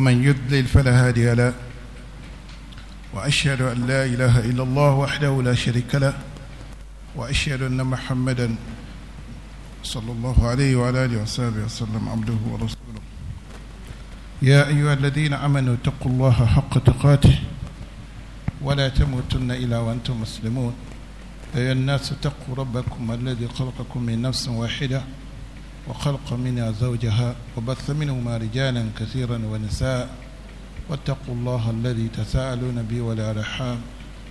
ومن يدلل فلا هادي له وأشهد أن لا إله إلا الله وحده لا شريك له وأشهد أن محمدا صلى الله عليه وعلى آله وصحبه وسلم عبده ورسوله يا أيها الذين آمنوا اتقوا الله حق تقاته ولا تموتن إلا وأنتم مسلمون أي الناس اتقوا ربكم الذي خلقكم من نفس واحدة وخلق منها زوجها وبث منهما رجالا كثيرا ونساء واتقوا الله الذي تساءلون به والأرحام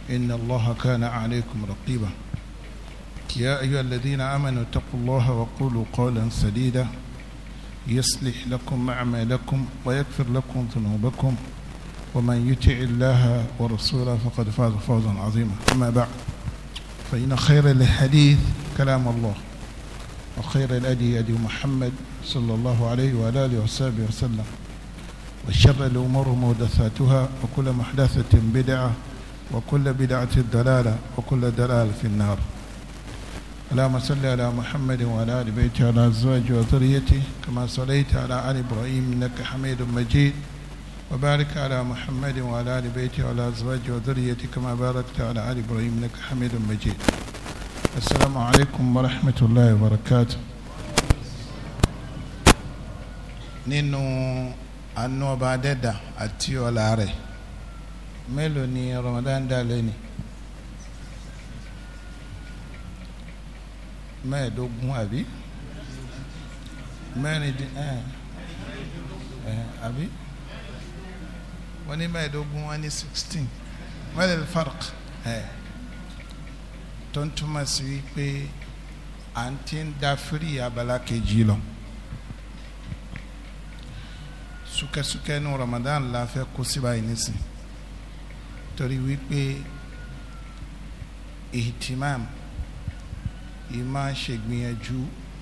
إن الله كان عليكم رقيبا يا أيها الذين آمنوا اتقوا الله وقولوا قولا سديدا يصلح لكم أعمالكم ويغفر لكم ذنوبكم ومن يطع الله ورسوله فقد فاز فوزا عظيما أما بعد فإن خير الحديث كلام الله وخير الأدي أدي محمد صلى الله عليه وآله آله وصحبه وسلم وشر الأمور مودثاتها وكل محدثة بدعة وكل بدعة دلالة وكل دلالة في النار اللهم صل على محمد وعلى آل بيته وعلى أزواجه وذريته كما صليت على آل إبراهيم إنك حميد مجيد وبارك على محمد وعلى آل بيته وعلى أزواجه وذريته كما باركت على آل إبراهيم إنك حميد مجيد السلام عليكم ورحمة الله وبركاته nínú àánú ọba adẹ́dà àti ọlá rẹ̀ mélòó ni Ramadan dá lẹ́ni mẹ́ẹ̀ẹ́dógún àbí mẹ́rin dín ẹ̀ ẹ̀ àbí wọ́n ní mẹ́ẹ̀ẹ́dógún wọ́n sixteen mẹ́rin farq ẹ̀. Eh tó ń túmọ̀ sí wípé à ń ti ń da firi abala kejì lọ súkẹ́súkẹ́ ní Ramadan la fẹ́ kó síba yìí nísìn torí wípé ìhìtìmáàmù ìmá ṣègbìyànjú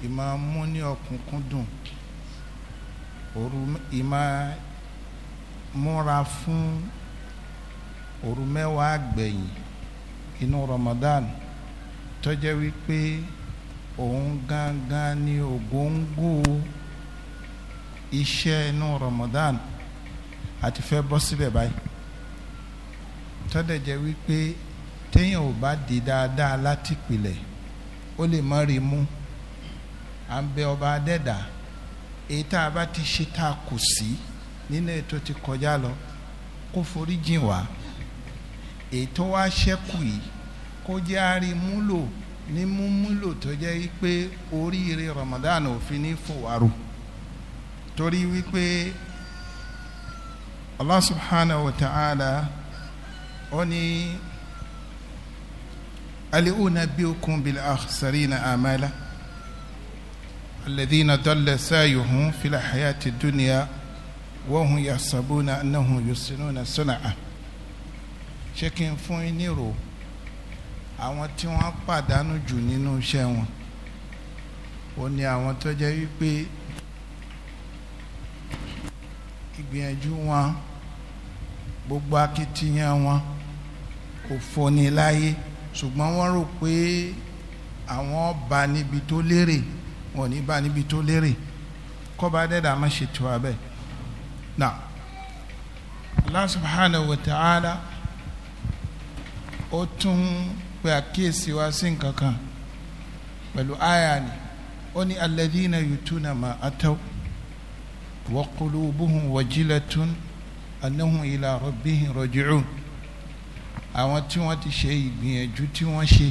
ìmá mú ní ọ̀kúnkúndùn òru ìmá múra fún òru mẹ́wàá gbẹ̀yìn inú Ramadan tó jẹ́ wípé òun gangan ni ògóńgó iṣẹ́ inú Ramadan àti fẹ́ bọ́ síbẹ̀ báyìí tó dẹ̀ jẹ́ wípé téèyàn ò bá di dáadáa láti pilẹ̀ ó lè má rí mú à ń bẹ ọba adẹ́dà èyí tá a bá ti ṣe tá a kù sí nínú ètò ti kọjá lọ kó forí wá èyí tó wá ṣẹ́kù yìí kó jẹ́ arimúlò ní múmúlò tó jẹ́ wípé oríire Ramadan òfin ní fòwárò torí wípé Allah subhanahu wa ta'ala ó ní ali unabbiukum bil akhsarina amala alladhina dalla sa'yuhum fil hayati dunya wa hum yahsabuna annahum yusinuna sun'a ṣé kí n fún yín ní ròó àwọn tí wọ́n pàdánù jù nínú iṣẹ́ wọn ó ní àwọn tó jẹ́ wípé ìgbìyànjú wọn gbogbo akitiyan wọn kò fọni láyé ṣùgbọ́n wọ́n rò pé àwọn bá níbi tó lérè wọn ò ní bá níbi tó lérè kọ́ba dẹ́dà má ṣe tiwa bẹ́ẹ̀ náà Allah subhanahu wa ta'ala ó tún pe àkíyèsí wa sí nǹkan kan pẹ̀lú àyà ni ó ní alladhina yutuna ma ataw wa qulubuhum wajilatun annahum ila rabbihim raji'un àwọn tí wọ́n ti ṣe ìgbìyànjú tí wọ́n ṣe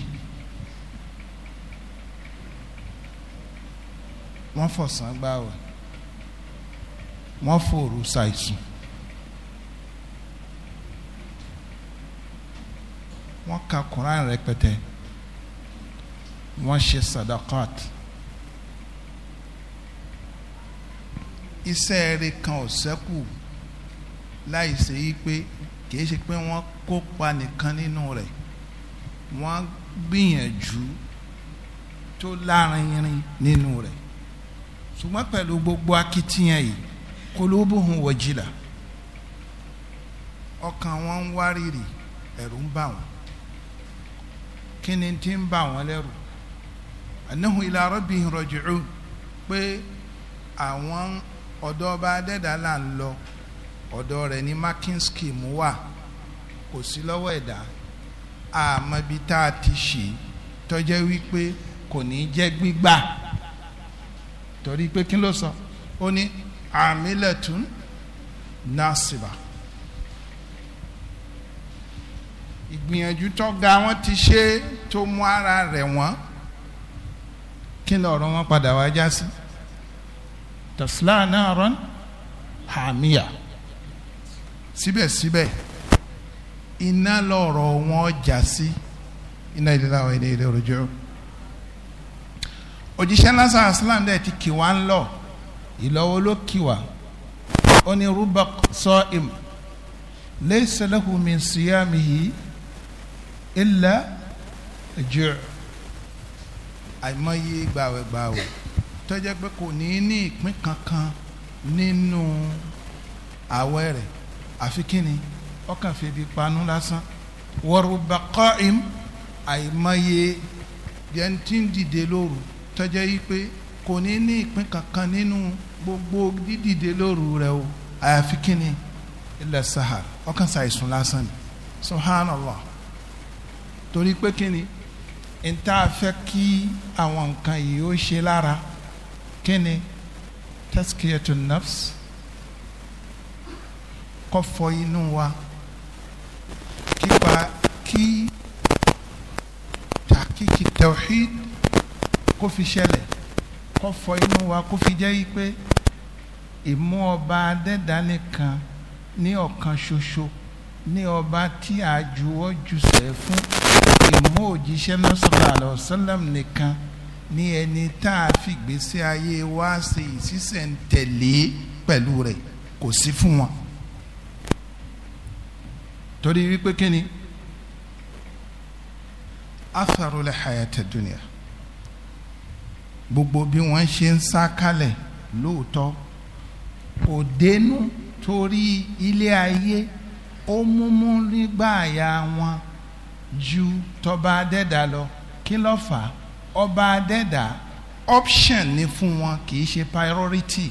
wọ́n fọ̀sán gbáwẹ̀ wọ́n fòrò ṣàìsùn. wọ́n ka Quran rẹpẹtẹ wọ́n ṣe sadakat iṣẹ́ eré kan ò ṣẹ́kù láì ṣe yí pé kì í ṣe pé wọ́n kópa nìkan nínú rẹ̀ wọ́n gbìyànjú tó lárinrin nínú rẹ̀ ṣùgbọ́n pẹ̀lú gbogbo akitiyan yìí kolóbùhùn wọ̀jìlá ọkàn wọn ń wárìrì ẹ̀rù ń bà wọ́n kíni tí ń bà wọ́n lẹ́rù annahum ila rabbihim raji'un pé àwọn ọ̀dọ́ ọba adẹ́dà là ń lọ ọ̀dọ́ rẹ̀ ní marking scheme wà kò sí lọ́wọ́ ẹ̀dá àmọ́bi tá a ti ṣe tọ́jẹ́ wípé kò ní jẹ́ gbígbà torí pé kí ló sọ ó ní àmìlẹ̀tún nasiba. ìgbìyànjú tó ga wọ́n ti ṣe tó mú ara rẹ̀ wọ́n kí ni ọ̀rọ̀ wọn padà wá já sí tasla naran hamiya síbẹ̀síbẹ̀ iná lọ̀rọ̀ wọn já sí iná ìdílé àwọn ilé ìlú òròjọ́ òjíṣẹ́ lásán aslam dẹ̀ ti kì wá ń lọ ìlọ́wọ́ ló kì wá ó ní rúbà sọ ìm laysa lahu min siyamihi illa ju' àìmọye gbàwẹ̀gbàwẹ̀ tó jẹ́ pé kò ní ní ìpín kankan nínú àwẹ̀ rẹ̀ àfi kíni ọkàn fèdí panu lásán wa rubba qa'im àìmọye jẹ́ntì ń dìde lóru tó jẹ́ yí pé kò ní ní ìpín kankan nínú gbogbo dídìde lóru rẹ̀ o àyàfi kíni illa sahar ọkàn ṣàìsùn lásán ni subhanallah torí pé kí ni n tá a fẹ́ kí àwọn nǹkan yìí ó ṣe lára kí ni tazkiyatu nafs kó fọ inú wa kípa kí tàkìkì tawhid kó fi ṣẹlẹ̀ kó fọ inú wa kó fi jẹ́ pé ìmú ọba adẹ́dá nìkan ní ọ̀kan ṣoṣo ní ọba tí a juwọ́ jùsẹ̀ fún ìmú òjíṣẹ́ náà sallallahu alaihi wasallam nìkan ní ẹni tá a fi gbèsè ayé wa ṣe ìsísẹ̀ntẹ̀lé pẹ̀lú rẹ̀ kò sí fún wọn torí wípé kí ni atharul hayata dunya gbogbo bí wọ́n ṣe ń sá kalẹ̀ lóòótọ́ kò dénú torí ilé ayé ó múmú nígbà àyà wọn ju tọba adẹ́dà lọ kí ló fà á ọba adẹ́dà option ni fún wọn kì í ṣe priority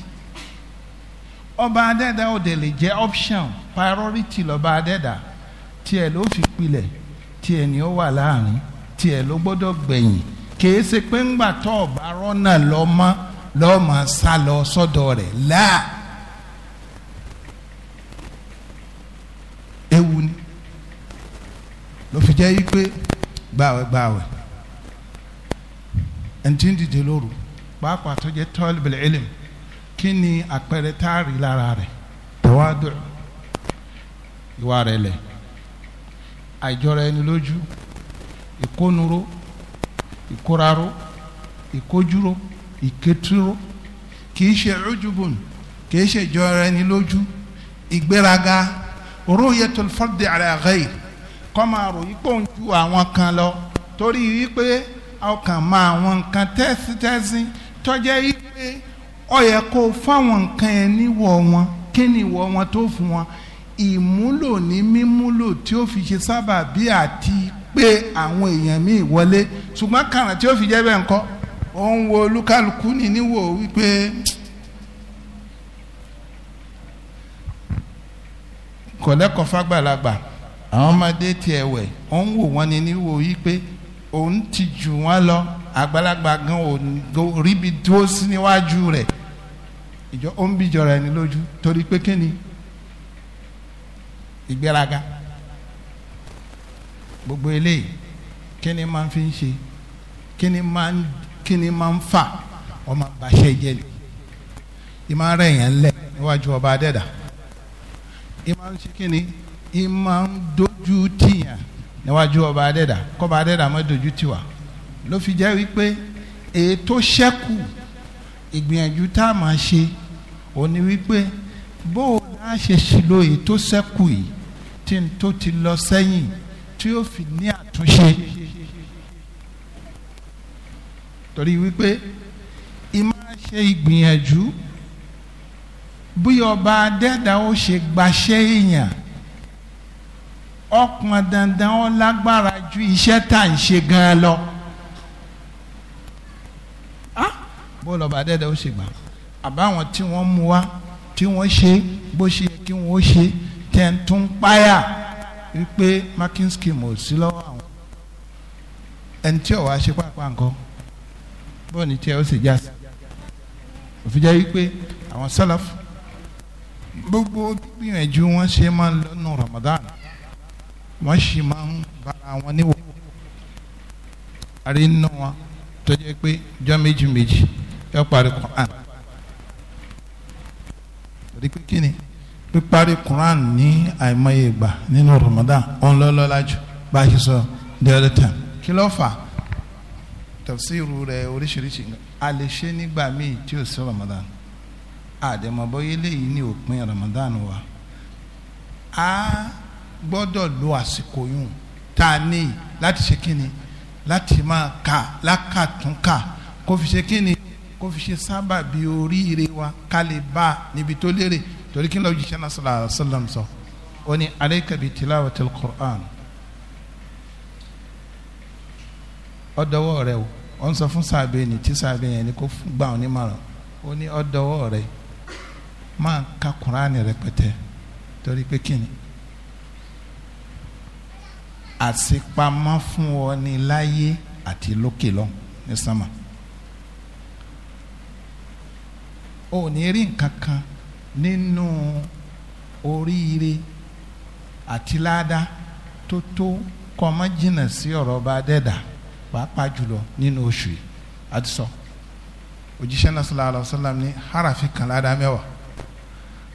ọba adẹ́dà ò dẹ̀ lè jẹ́ option priority lọ́ba adẹ́dà tiẹ̀ ló fi pilẹ̀ tiẹ̀ ni ó wà láàrin tiẹ̀ ló gbọ́dọ̀ gbẹ̀yìn kìí ṣe pé ńgbà tó ọ̀bá rọ́nà lọ́mọ lọ́mọ sá lọ sọ́dọ̀ rẹ̀ láà. ewu ni ló fi jẹ́ wípé gbàwẹ̀ gbàwẹ̀ ẹ̀ǹtí ń dìde lóru pàápàá tó jẹ́ tọ́lìbìlì ẹlẹ́mù kí ni àpẹẹrẹ tá a rí lára rẹ̀ tẹ̀wádùn ìwà rẹ̀ lẹ̀ àìjọra ẹni lójú ìkónuro ìkóraró ìkójúró ìkétúró kì í ṣe ojúbùn kì í ṣe ìjọra ẹni lójú ìgbéraga ru'yatul fardi ala ghayr kọ́ máa rò yí pé òun ju àwọn kan lọ torí wípé ọkàn máa àwọn nǹkan tẹ́sítẹ́sí tọ́jẹ́ wípé ó yẹ kó fáwọn nǹkan yẹn níwọ̀ wọn kí níwọ̀ wọn tó fún wọn ìmúlò ní mímúlò tí ó fi ṣe sábà bí àti pé àwọn èèyàn míì wọlé ṣùgbọ́n kàràn tí ó fi jẹ́ bẹ́ẹ̀ ńkọ́ òun wo olúkálukú ní níwò wípé. kọ̀lẹ́kọ̀ fàgbàlagbà àwọn ọmọdé tiẹ̀ wẹ̀ ó ń wò wọ́n ni níwò yí pé òun ti jù wọ́n lọ àgbàlagbà gan ò ríbi dúró sí níwájú rẹ̀ ìjọ ó ń bíjọra ẹni lójú torí pé kí ni ìgbéraga gbogbo eléyìí kí máa fi ń ṣe kí máa ń kí máa ń fà ọmọ àbàṣẹ jẹ ni ìmọ̀ ara èèyàn lẹ̀ níwájú ọba adẹ́dàá ìmọ̀ ń ṣe kí ni ìmọ̀ ń dojú tìyàn níwájú ọba adẹ́dà kọ́ba adẹ́dà má dojú tì wá ló fi jẹ́ wípé ètò ṣẹ́kù ìgbìyànjú tá a máa ṣe òní wípé bó o lá ṣe lo ètò ṣẹ́kù yìí tí n tó ti lọ sẹ́yìn tí ó fi ní àtúnṣe torí wípé ìmáa ṣe ìgbìyànjú bí ọba adẹ́dà ó ṣe gbaṣẹ́ èèyàn ọpọn dandan ó lágbára ju iṣẹ́ tá à ń ṣe gan-an lọ ah! bó lọ́ba adẹ́dà ó ṣe gbà àbáwọn tí wọ́n mú wá tí wọ́n ṣe bó ṣe yẹ kí wọ́n ṣe tẹ̀ ń tún páyà marking scheme ò sí lọ́wọ́ àwọn ẹni tí ọ̀wá ṣe pàápàá nǹkan bọ́ọ̀ ni tí ẹ ó sì já sí òfin jẹ́ wípé àwọn sálàfù gbogbo gbìyànjú wọn ṣe máa ń lọ́nu Ramadan wọ́n sì máa ń bára wọn níwọ̀ àrí nínú wọn tó jẹ́ pé jọ́ méjì méjì ẹ parí Quran torí pé kí ni píparí Quran ní àìmọye ìgbà nínú Ramadan òun lọ́lọ́lá jù bá a ṣe sọ the other time kí ló fà tafsiru rẹ̀ oríṣiríṣi a ṣe nígbà míì tí ò sí Ramadan àdèmọ̀bọ́yé léyìí ní òpin Ramadan wa a gbọ́dọ̀ lo àsìkò yùn tá a ní láti ṣe kíni láti máa kà lákàtúnkà kó fi ṣe kíni kó fi ṣe sábà bí oríire wa ká bá níbi tó lérè torí kí n lọ jíṣẹ́ náà sallallahu alaihi wasallam sọ ó ní alayka bi tilawatil Qur'an ọdọwọ rẹ o ọ ń sọ fún sábẹ ni tí sábẹ yẹn ni kó gbà ọ nímọ̀ràn ó ní ọdọwọ rẹ máa ka kuraani rẹpẹtẹ torí pé kíni àṣepamọ́ fún ọ ní láyé àti lókè lọ ní sámà ò ní rí nǹkan kan nínú oríire àti láàdá tó tó kọ́ mọ́ jìnnà sí ọ̀rọ̀ bá dẹ́dà pàápàá jùlọ nínú oṣù yìí àti sọ òjíṣẹ́ náà sallallahu alaihi wasallam ní harafi kan láàdá mẹ́wàá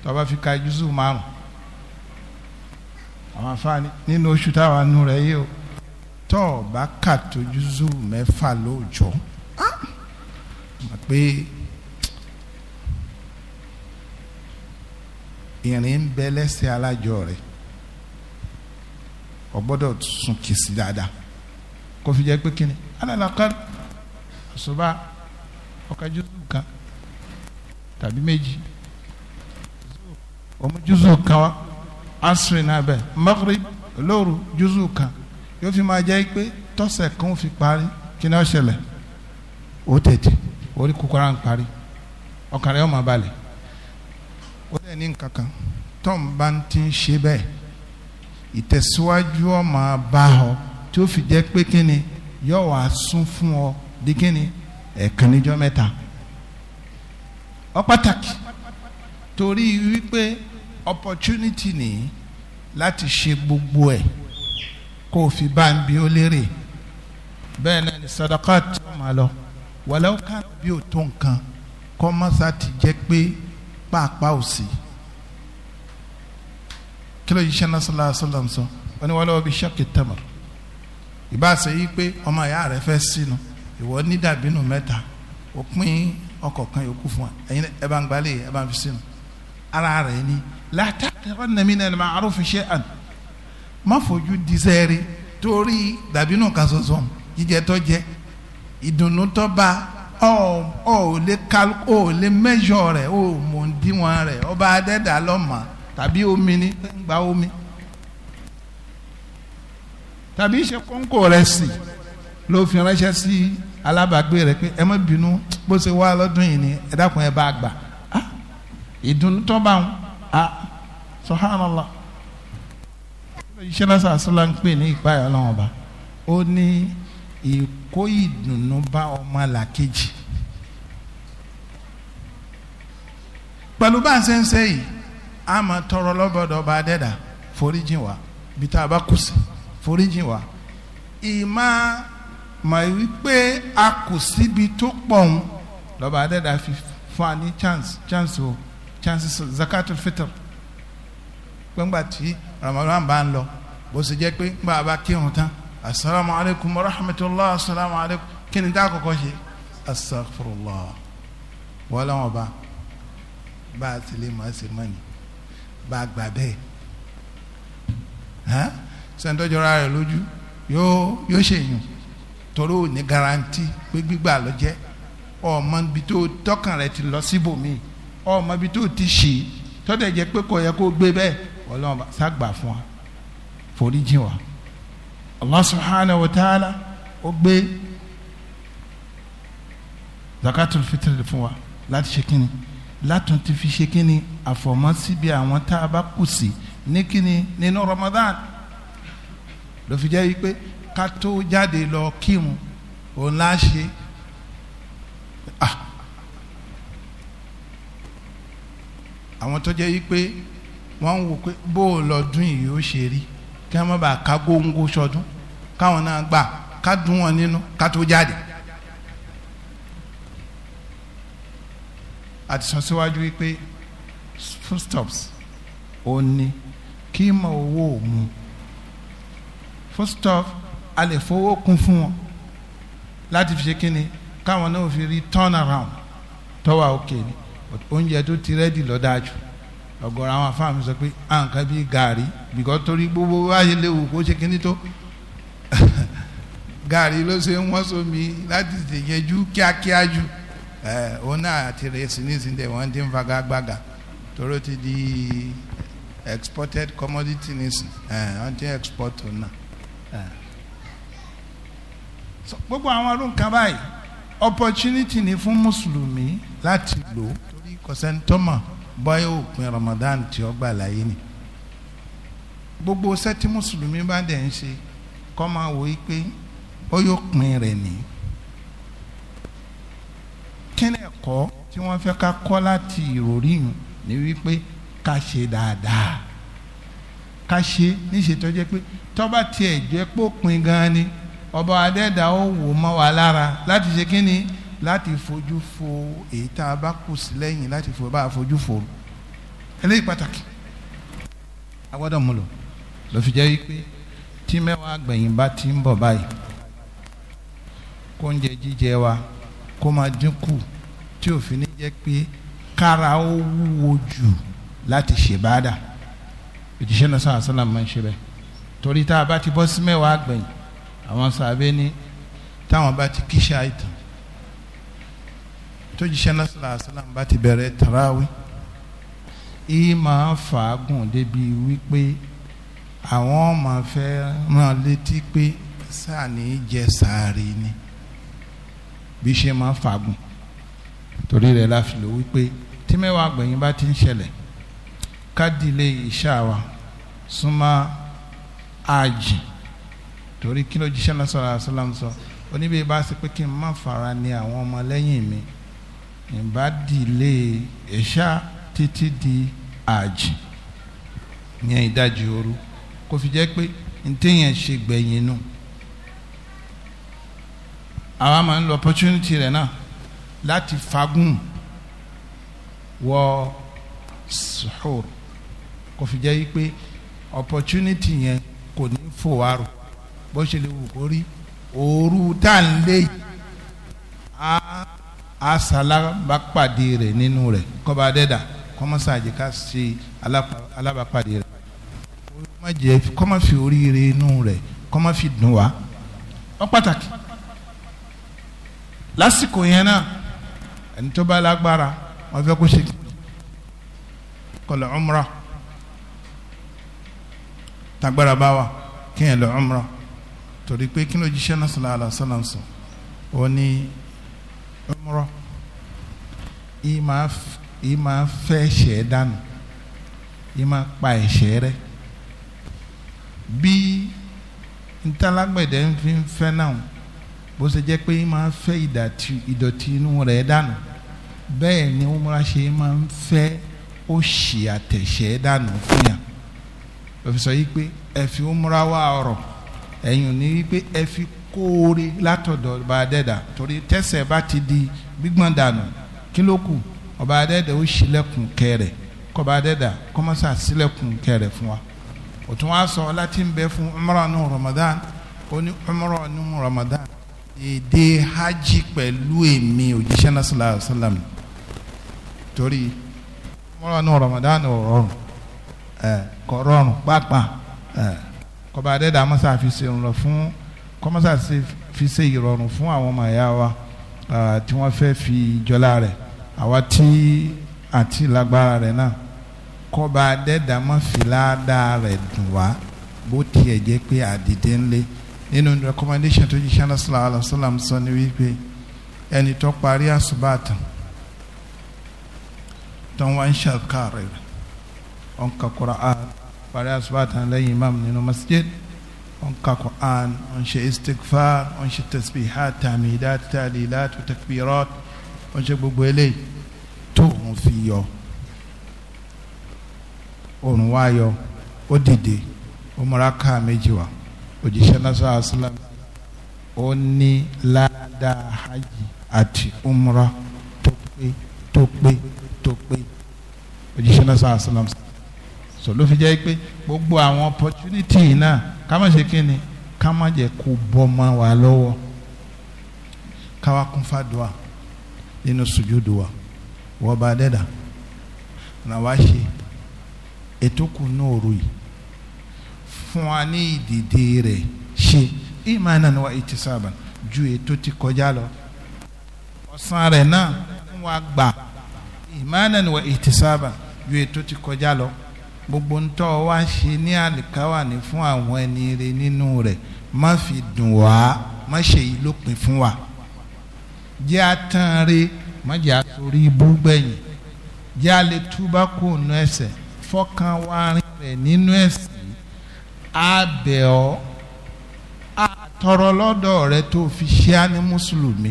tọba fi ka jùsù márùn àwọn afáàní nínú oṣù táwa nù rẹ yìí o tọ́ ọ bá kà tó jùsù mẹ́fà lóòjọ́ mọ̀ pé ìrìn ń bẹ lẹ́sẹ̀ alájọ rẹ̀ ọ gbọ́dọ̀ sùn kìsì dáadáa kó fi jẹ́ pé kíni alálàkàlù àṣùbà ọ̀kàjùsù kan tàbí méjì ọmọ jùzù kan asiri náà bẹ maghrib lóru jùzù kan yóò fi máa jẹ́ pé tọ́sẹ̀ kan fi parí kí náà ṣẹlẹ̀ ó tètè orí kúkúrá ń parí ọkàn rẹ̀ ó máa balẹ̀ ó dẹ̀ ní nǹkan kan tọ́m bá ń ti ṣe bẹ́ẹ̀ ìtẹ̀síwájú ó máa bá ọ tí ó fi jẹ́ pé kí ni yóò wá sún fún ọ di kí ẹ̀ẹ̀kan níjọ́ mẹ́ta ọ pàtàkì torí wípé opportunity ni láti ṣe gbogbo ẹ̀ kó o fi bá ń bi ó lérè bẹ́ẹ̀ náà ni sadakat tó máa lọ wàlẹ́ ó kàn bí ó tó nǹkan kọ́mọ́sá ti jẹ́ pé pàápàá ò sí kí ló yí ṣe náà sọlá sọlá sọ wọn ni wọn lọ bí ṣọ́ọ̀kì tamar ìbáṣe yìí pé ọmọ ìyá rẹ fẹ́ sínú ìwọ ní dàbínú mẹ́ta ó pín ọkọ̀ kan yòókù fún wa ẹ̀yin ẹ bá ń gbalẹ̀ ẹ bá ń fi sínú ara rẹ ni látàkìrọ̀nà mi nàní máa arúfin ṣe àn má fojú disẹ́ẹ̀rì torí dàbínú kan ṣoṣo jíjẹ tó jẹ ìdùnnú tó bá ọ ò lè kal ọ ò lè mẹ́jọ rẹ̀ ọ ò mọ̀ ń díwọ̀n rẹ̀ ọba adẹ́dà lọ́mọ tàbí omi ní gba omi tàbí ṣe kóńkó rẹ̀ sí ló fi ránṣẹ́ sí alábàágbé rẹ̀ pé ẹ má bínú bó ṣe wá lọ́dún yìí ni ẹ dákun ẹ bá gbà ìdùnnú tó bá wọn ah subhanallah ìṣẹ́lá sàṣọlá ń pè ní ìpayà ọlọ́run ọba ó ní ìkó ìdùnnú bá ọmọ làkejì pẹ̀lú bá ń ṣe ń ṣe yìí a máa tọrọ lọ́bọ̀dọ̀ ọba adẹ́dà foríjìn wá bí tá a bá kù sí foríjìn wá ìmá mọ̀ wípé a kù síbi tó pọ̀ ń lọ́ba adẹ́dà fi fún wa ní chance chance o. Oh chances zakatul fitr gbẹ́ngbà tí ramadan bá ń lọ bó ṣe jẹ́ pé gbà bá kírun tán asalaamu alaykum wa rahmatulah asalaamu alaykum kí ni tá a kọ́kọ́ ṣe astaghfirullah wọ́lá wọn bá bá a ti lè máa ṣe mọ́ni bá a gbà bẹ́ẹ̀ sẹ́ńtọ́jọ́ra rẹ̀ lójú yóò yóò ṣèyàn torí ò ní garanti pé gbígbà lọ jẹ́ ọmọ ibi tó tọkàn rẹ ti lọ síbòmíì ọmọ ibi tó ti ṣì tọ́tẹ̀ jẹ́ pé kò yẹ kó gbé bẹ́ẹ̀ ọlọ́run sàgbà fún wa foríjì wa Allah subhanahu wa ta'ala ó gbé zakatul fitr fún wa láti ṣe kínni látún ti fi ṣe kínni àfọ̀mọ́sí bí àwọn tá a bá kù sí ní kínni nínú Ramadan ló fi jẹ́ wípé ká tó jáde lọ kírun òun láṣẹ ah àwọn tó jẹ́ wípé wọ́n ń wò pé bó o lọ́dún yìí ó ṣe rí kí wọ́n má bàa ká góńgó sọdún káwọn náà gbà ká dùn wọn nínú ká tó jáde. àti síwájú wípé foodstuffs ó ní kí mọ owó mu foodstuff a lè fowó kún fún wọn láti fi ṣe kí ni káwọn náà fi rí turn around tọ́wọ́ òkè ni. Okay oúnjẹ tó ti rẹ́dì lọ́dájú ọ̀gọ̀rọ̀ àwọn afáàmì sọ pé à ń kan bíi gàrí bìkọ́ torí gbogbo wáyé léwu kó ṣe kíní tó gàrí ló ṣe ń wọ́n sómi láti tèyẹjú kíákíá jù òun náà àti rèsì nísìnyí wọ́n ti ń fagagbága toró ti di exported commodity nísìnyí wọ́n ti export òun náà gbogbo àwọn ọdún kan báyìí opportunity ni fún mùsùlùmí láti lò ó kọ̀sẹ́ntọ́mà bọ́yá òpin Ramadan tí ó gbà láyé ni gbogbo sẹ́tí mùsùlùmí bá dẹ̀ ń ṣe kọ́ máa wò ó pé ó yóò pin rẹ̀ ní. kí ni ẹ̀kọ́ tí wọ́n fẹ́ ká kọ́ láti ìròrí yìí ni wípé ká ṣe dáadáa ká ṣe níṣe tó jẹ́ pé tọ́ba tiẹ̀ jẹ́ pópin gan-an ni ọba adẹ́dàá ó wò mọ́ wa lára láti ṣe kí láti fojú fo èyí tá a bá kù sí lẹ́yìn láti fo bá a fojú fo eléyìí pàtàkì a gbọ́dọ̀ mú lò ló fi jẹ́ wípé tí mẹ́wàá gbẹ̀yìn bá ti ń bọ̀ báyìí kó ń jẹ jíjẹ wa kó máa dínkù tí òfin ní jẹ́ pé kára ó wúwo jù láti ṣèbáàdà òjíṣẹ́ náà sọ̀rọ̀ sọ́nà máa ń ṣe bẹ́ẹ̀ torí tá a bá ti bọ́ sí mẹ́wàá gbẹ̀yìn àwọn sàbẹ̀ ní táwọn bá ti kíṣe àìtàn tójíṣẹ́ náà sàlám bá ti bẹ̀rẹ̀ tarawih yìí máa fàágùn débi wípé àwọn máa fẹ́ rán létí pé sàní jẹ sàárì ni bí ṣe máa fàágùn torí rẹ̀ la fi lò wípé tí mẹ́wàá gbẹ̀yìn bá ti ń ṣẹlẹ̀ kádìlé ìṣá wa súnmọ́ àjì torí kí ló jíṣẹ́ náà sọ oníbẹ̀ bá ṣe pé kí n má fara ni àwọn ọmọ lẹ́yìn mi ìbá dìlé ẹ̀ṣá títí di àjì yẹn ìdajì òru kò fi jẹ́ pé ntẹ́yìn ṣe gbẹ̀yìn nù àwa máa ń opportunity rẹ̀ náà láti fagún wọ suhur kò fi jẹ́ opportunity yẹn kò ní fò wá rò bó ṣe lè wù kó rí òru tá à lé yìí. Asaala ba kpadiiiiri ninu rre kɔba de da kɔma saa dika si Ala Ala ba kpadiiiiri. Kɔma je kɔma fiwuli yi rree nu rre kɔma fi dunu wa ɔ pataki. Lasiki o ihe na. A ntoba lagbara ma fekwusi. Kɔlɔ ɔm raa. Tagbara bawa kí n' lọ raa tori pe ki no ji shana sala ala sala nsɛm. O ni. ọmọrọ yìí máa yìí máa fẹ́ ẹ̀ṣẹ̀ dànù yìí máa pa ẹ̀ṣẹ̀ rẹ bí ntàlágbẹ̀dẹ fi ń fẹ́ náà bó ṣe jẹ́ pé yìí máa fẹ́ ìdọ̀tí inú rẹ̀ dànù bẹ́ẹ̀ ni umra ṣe máa ń fẹ́ òṣì àtẹ̀ṣẹ̀ dànù fún yàn òfin sọ yìí pé ẹ fi umra wá ọ̀rọ̀ kó látọ̀dọ̀ ọba adẹ́dà torí tẹ́sẹ̀ bá ti di gbígbọ́n dànù kí ló kù ọba adẹ́dà ó ṣílẹ̀kùn kẹrẹ kọba adẹ́dà kọ́mọ́sà fún wa sọ láti ń bẹ fún Ramadan oní umrah nù Ramadan èdè hajj pẹ̀lú èmi òjíṣẹ́ náà sallallahu torí Ramadan ò rọrùn ẹ kò rọrùn pàápàá ẹ kọba adẹ́dà mọ́sà fi kọ́mọ́sá fi ṣe ìrọ̀rùn fún àwọn ọmọ ẹ̀yà wa tí wọ́n fẹ́ fi jọlá rẹ̀ àwa tí àti lágbára rẹ̀ náà kọ́ba adẹ́dàmọ́ fìlàdà rẹ̀ dùn wá bó tiẹ̀ jẹ́ pé àdìdé ń lé nínú recommendation tó jíṣẹ́ náà sallallahu alaihi wasallam sọ ni wípé ẹni tó parí àṣùbàtàn tó ń wá ń ṣàkàrẹ̀ ọ̀nkà Qur'an parí àṣùbàtàn lẹ́yìn imam nínú masjid wọ́n ka Quran wọ́n ṣe istighfar wọ́n ṣe tasbihat tamidat talilat takbirat wọ́n ṣe gbogbo eléyìí tó òun fi yọ òun wá yọ ó dìde ó múra ká méjì wá òjíṣẹ́ nasara islam ó ní ládàá hajj àti umra tó pé tó pé tó pé òjíṣẹ́ nasara islam sọ so ló fi jẹ́ pé gbogbo àwọn opportunity náà ká má ṣe kíni ká má jẹ́ kó bọ́mọ wa lọ́wọ́ ká wá kún fàdùà nínú sùjúdù wa wọ́n bá dẹ́dà ràn wá ṣe ètò kù ní òru yìí fún wa ní ìdìde rẹ̀ ṣe imanan wa itisaban ju ètò ti kọjá lọ ọ̀sán rẹ̀ náà fún wa gbà imanan wa itisaban ju ètò ti kọjá lọ gbogbo ń tọ́ wá ṣe ní àlìkáwà ní fún àwọn ẹni rẹ nínú rẹ̀ má fi dùn wá má ṣe yìí lópin fún wa jẹ́ àtàn rẹ má jẹ́ àtòrí ibú gbẹ̀yìn jẹ́ àlẹ́ túbá kò nù ẹsẹ̀ fọ́kàn wá rìn rẹ̀ nínú ẹ̀sìn àbẹ̀ ọ́ àtọ̀rọ̀ lọ́dọ̀ rẹ tó fi ṣe á ní mùsùlùmí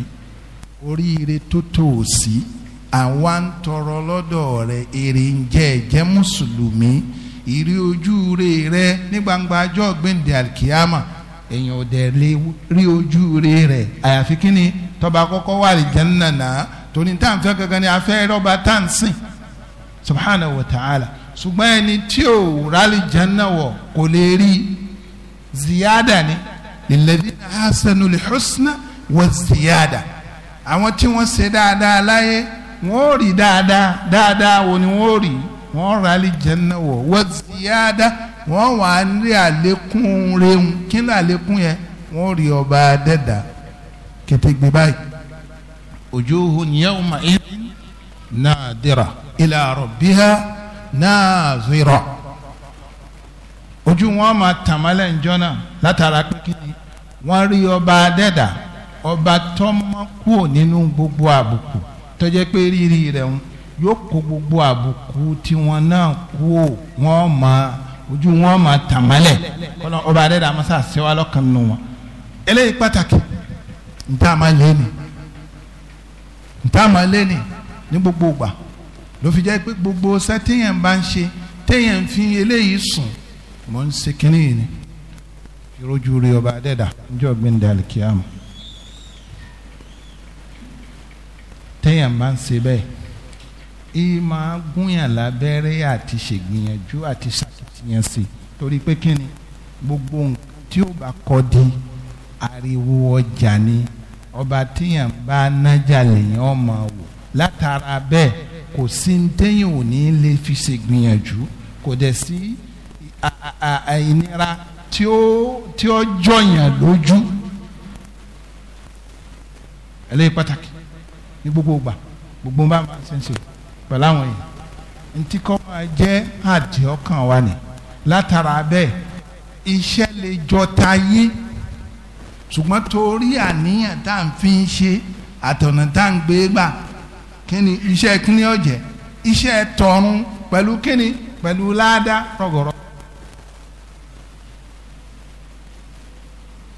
oríire tó tò sí. Si àwa ń tọrọ lọ́dọ̀ rẹ èrè ń jẹ́ jẹ́ mùsùlùmí ìrí ojú rẹ rẹ ní gbangba ajọ́ gbẹ̀ǹdẹ̀ alikiyama èèyàn ò dẹ̀ lè rí ojú rẹ rẹ àyàfi kí ni tọba kọ́kọ́ wà lè jẹ́ nànà tá à ń fẹ́ gangan ni a fẹ́ rọ́bà tá à ń sìn subhanahu wa ta'ala ṣùgbọ́n ẹni tí ò rálì jẹ́ wọ̀ kò lè rí ziyada ni lilladhina hasanu lihusna wa ziyada àwọn tí wọ́n ṣe dáadáa láyé. wọ́n rí dáadáa dáadáa wo ni wọ́n rí wọ́n rà jẹ́nà wọ̀ wọ́n wọ́n wà àlékún rehun kí àlékún yẹn wọ́n rí ọba dẹ́dà kẹtẹgbẹ báyìí wujuhun yawma idhin nadira ila rabbiha nazira ojú wọn máa tàmálẹ̀ ńjọ́ náà látara wọ́n rí ọba dẹ́dà ọba tọ́mọ́kù nínú gbogbo àbùkù. tọ́jẹ́ pé rírì rẹ̀ ń yóò kó gbogbo àbùkù tiwọn náà kú ò wọ́n máa ojú wọn máa tàn mọ́lẹ̀ kọ́nà ọba rẹ̀ dà mọ́sá ṣẹ́wá lọ́kàn nù wọn. eléyìí pàtàkì nta máa lé ni nta máa ni ní gbogbo ìgbà ló fi jẹ́ pé gbogbo ṣẹ́ téèyàn bá ń ṣe téèyàn fi eléyìí sùn mọ́ ń ṣe kínní yìí ni ìrojú rẹ̀ ọba adẹ́dà níjọ́ gbẹ̀ndẹ̀ àlìkíyàmù. téèyàn bá ń ṣe bẹ́ẹ̀ ìyí máa gúnyàn lábẹ́rẹ́ àti ṣègbìyànjú àti ṣàkìtìyàn sí torí pé kí ni gbogbo nǹkan tí ó bá kọ́ di ariwo ọjà ni ọba téèyàn bá nájà lèyàn ọmọ wò látara bẹ́ẹ̀ kò sí téèyàn ò ní lè fi ṣègbìyànjú kò dẹ̀ sí ìnira tí ó jọyàn lójú eléyìí pàtàkì ní gbogbo gbà gbogbo bá máa ṣe ń ṣe pẹ̀lú àwọn èèyàn ntí kọ́ máa jẹ́ àdì ọkàn wa ni látara bẹ́ẹ̀ iṣẹ́ lè jọ ta yé ṣùgbọ́n torí àníyàn tá à ń fi ń ṣe àtọ̀nà tá à ń gbé gbà kíni iṣẹ́ kíní ọ̀jẹ̀ iṣẹ́ tọ̀run pẹ̀lú kíni pẹ̀lú ládá rọ̀gọ̀rọ̀.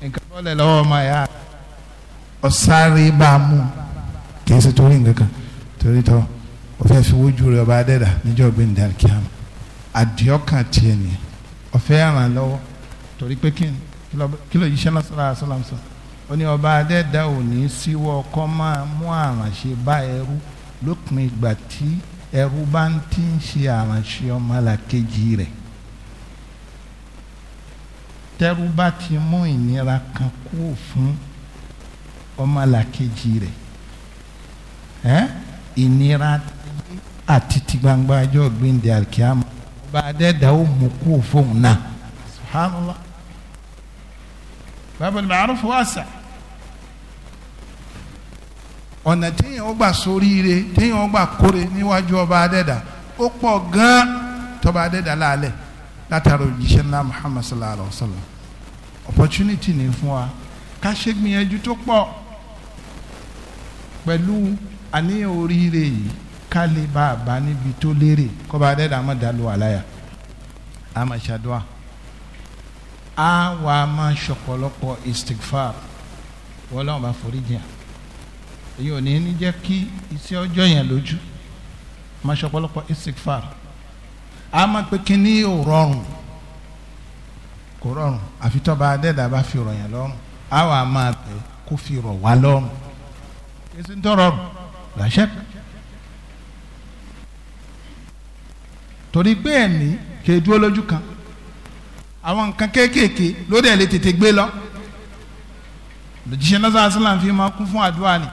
nǹkan bọ́lẹ̀ lọ́wọ́ ọmọ ya ọ̀sáré bá a mú un kì í ṣe torí nǹkan kan torí tọ́ ọ fẹ́ fi wójú rẹ ọba adẹ́dà níjọ́ gbẹ̀ndẹ̀ kíámù àdìọ́kàn tiẹ̀ nìyẹn ọ fẹ́ ràn lọ́wọ́ torí pé kí kí ló yíṣẹ́ lọ́sọ̀rọ̀ àṣọlọ́sọ ó ní ọba adẹ́dà ò ní síwọ́ ọkọ́ máa mú àrànṣe bá ẹrú lópin ìgbà tí ẹrú bá ń ti ń ṣe àrànṣe ọmọlàkejì rẹ̀ tẹ́rú bá ti mú ìnira kan kúrò fún ọmọlàkejì rẹ̀ ìnira àti ti gbangba ọjọ́ gbẹ̀ndé alikiyama ọba adẹ́dà ó mú kú fóun náà subhanallah babal ma'aruf wasa ọ̀nà téèyàn ó gbà sóríire téèyàn ó gbà kóre níwájú ọba adẹ́dà ó pọ̀ gan tọba adẹ́dà láàlẹ̀ látara òjíṣẹ́ ńlá muhammad sallallahu alayhi wa sallam opportunity ni fún wa ká ṣe gbìyànjú tó pọ̀ pẹ̀lú. àníyàn oríire yìí ká lè bá a bá níbi tó lérè kọ́ba adẹ́dà á má dàlú àláyà á má ṣàdúà wà á má ṣọ̀pọ̀lọpọ̀ istigfar wọ́n lọ́wọ́ bá foríjì à èyí ò ní ní jẹ́ kí iṣẹ́ ọjọ́ yẹn lójú má ṣọ̀pọ̀lọpọ̀ istigfar á má pé kí ní ò rọrùn kò rọrùn àfi tọ́ba adẹ́dà bá fi rọ̀ yẹn lọ́rùn á wà á má bẹ̀ kó fi rọ̀ wá lọ́rùn èsì ń tọ́ rọrùn la shak torí pé ẹ̀mí kì í dúró lójú kan àwọn nǹkan kéékèèké lórí ẹ̀ lè tètè gbé lọ lójúṣe náà sáà fi máa kún fún àdúrà ni.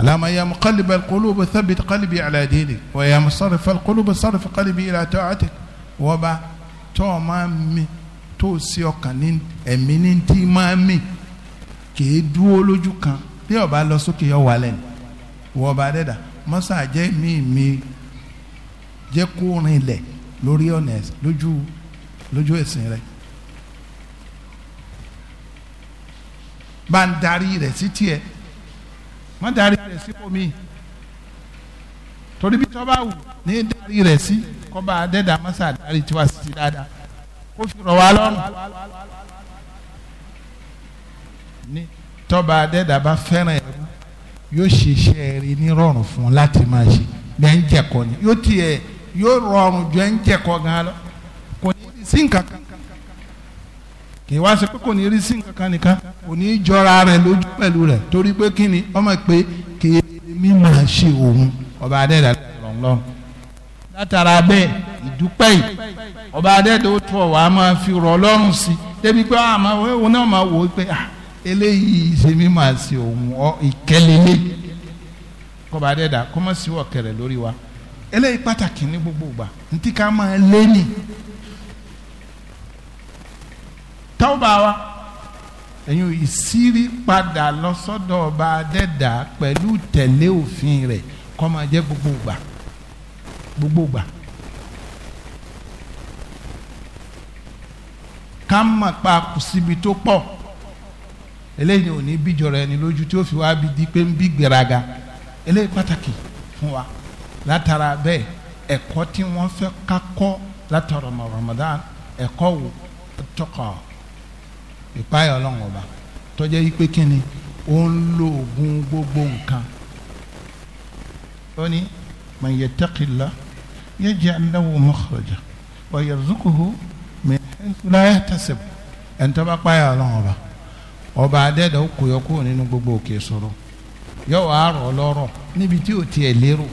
اللهم يا مقلب القلوب ثبت قلبي على دينك ويا مصرف القلوب صرف قلبي إلى طاعتك وبا tó máa mi tó sí ọkàn ní ẹ̀mí ní tí máa mi kì í dúró lójú kan bí ó lọ sókè yọ wà lẹ́nu wọ́n bá da mọ́sá jẹ́ mí mi jẹ́ kó rinlẹ̀ lórí ọ̀nà lójú lójú ẹ̀sìn rẹ̀ bá ń darí rẹ̀ sí tiẹ̀ má darí rẹ̀ sí omi torí bí tọ́ bá wù ní darí rẹ̀ sí kọ́ bá mọ́sá darí tiwa sí dáadáa kó fi rọ̀ wá lọ́rùn ní tọ́ba dẹ́dà bá fẹ́ràn ẹ̀rú yóò ṣiṣẹ́ rí ní rọrùn fún un láti máa ṣe bẹ́ẹ̀ ń ni yóò tiẹ̀ yóò rọrùn ju ẹ̀ ń jẹ̀kọ́ gan lọ kò ní rí sí nǹkan kan kì í wá sí pé kò ní rí sí nǹkan kan nìkan kò ní í jọra rẹ̀ lójú pẹ̀lú rẹ̀ torí pé kí ni ọmọ pé kì í mi máa ṣe òun ọba adẹ́dà lọ́nlọ́n látara bẹ́ẹ̀ ìdúpẹ́ yìí ọba adẹ́dà ó tọ̀ wá máa fi rọ̀ ọlọ́run sí débi pé àmọ́ òun náà máa wò ó pé ah, eléyìí ṣe mí máa ṣe òun ọ ìkẹlẹlẹ kọba adẹ́dà kọ́mọ̀sí ọ̀kẹrẹ lórí wa eléyìí pàtàkì ní gbogbo ìgbà ntí ká máa lé ní. tọ́ba wa ẹ̀yin ìsírí padà lọ sọ́dọ̀ ọba adẹ́dà pẹ̀lú tẹ̀lé òfin rẹ̀ kó máa jẹ́ gbogbo ìgbà gbogbo ìgbà. ká mọ̀ pa kùsìbì tó pọ̀ eléyìí ò ní bíjọra ẹni lójú tí ó fi wá bí di pé ń bí gbéraga eléyìí pàtàkì fún wa látara bẹ́ẹ̀ ẹ̀kọ́ tí wọ́n fẹ́ ká kọ́ látara Ramadan ẹ̀kọ́ wo tọkọ ìpáyà ọlọ́run ọba tọ́jà yìí pé kí ni ó ń lo oògùn gbogbo nǹkan ó ní man yattaqillah yaj'al lahu makhraja wa yarzuquhu min haythu la ẹ̀ ń tọ́ bá páyà ọlọ́run ọba ọba adẹ́dà ó kó yọ kúrò nínú gbogbo òkè sọ̀rọ̀ yóò wá rọ̀ lọ́rọ̀ níbi tí ò tiẹ̀ lérò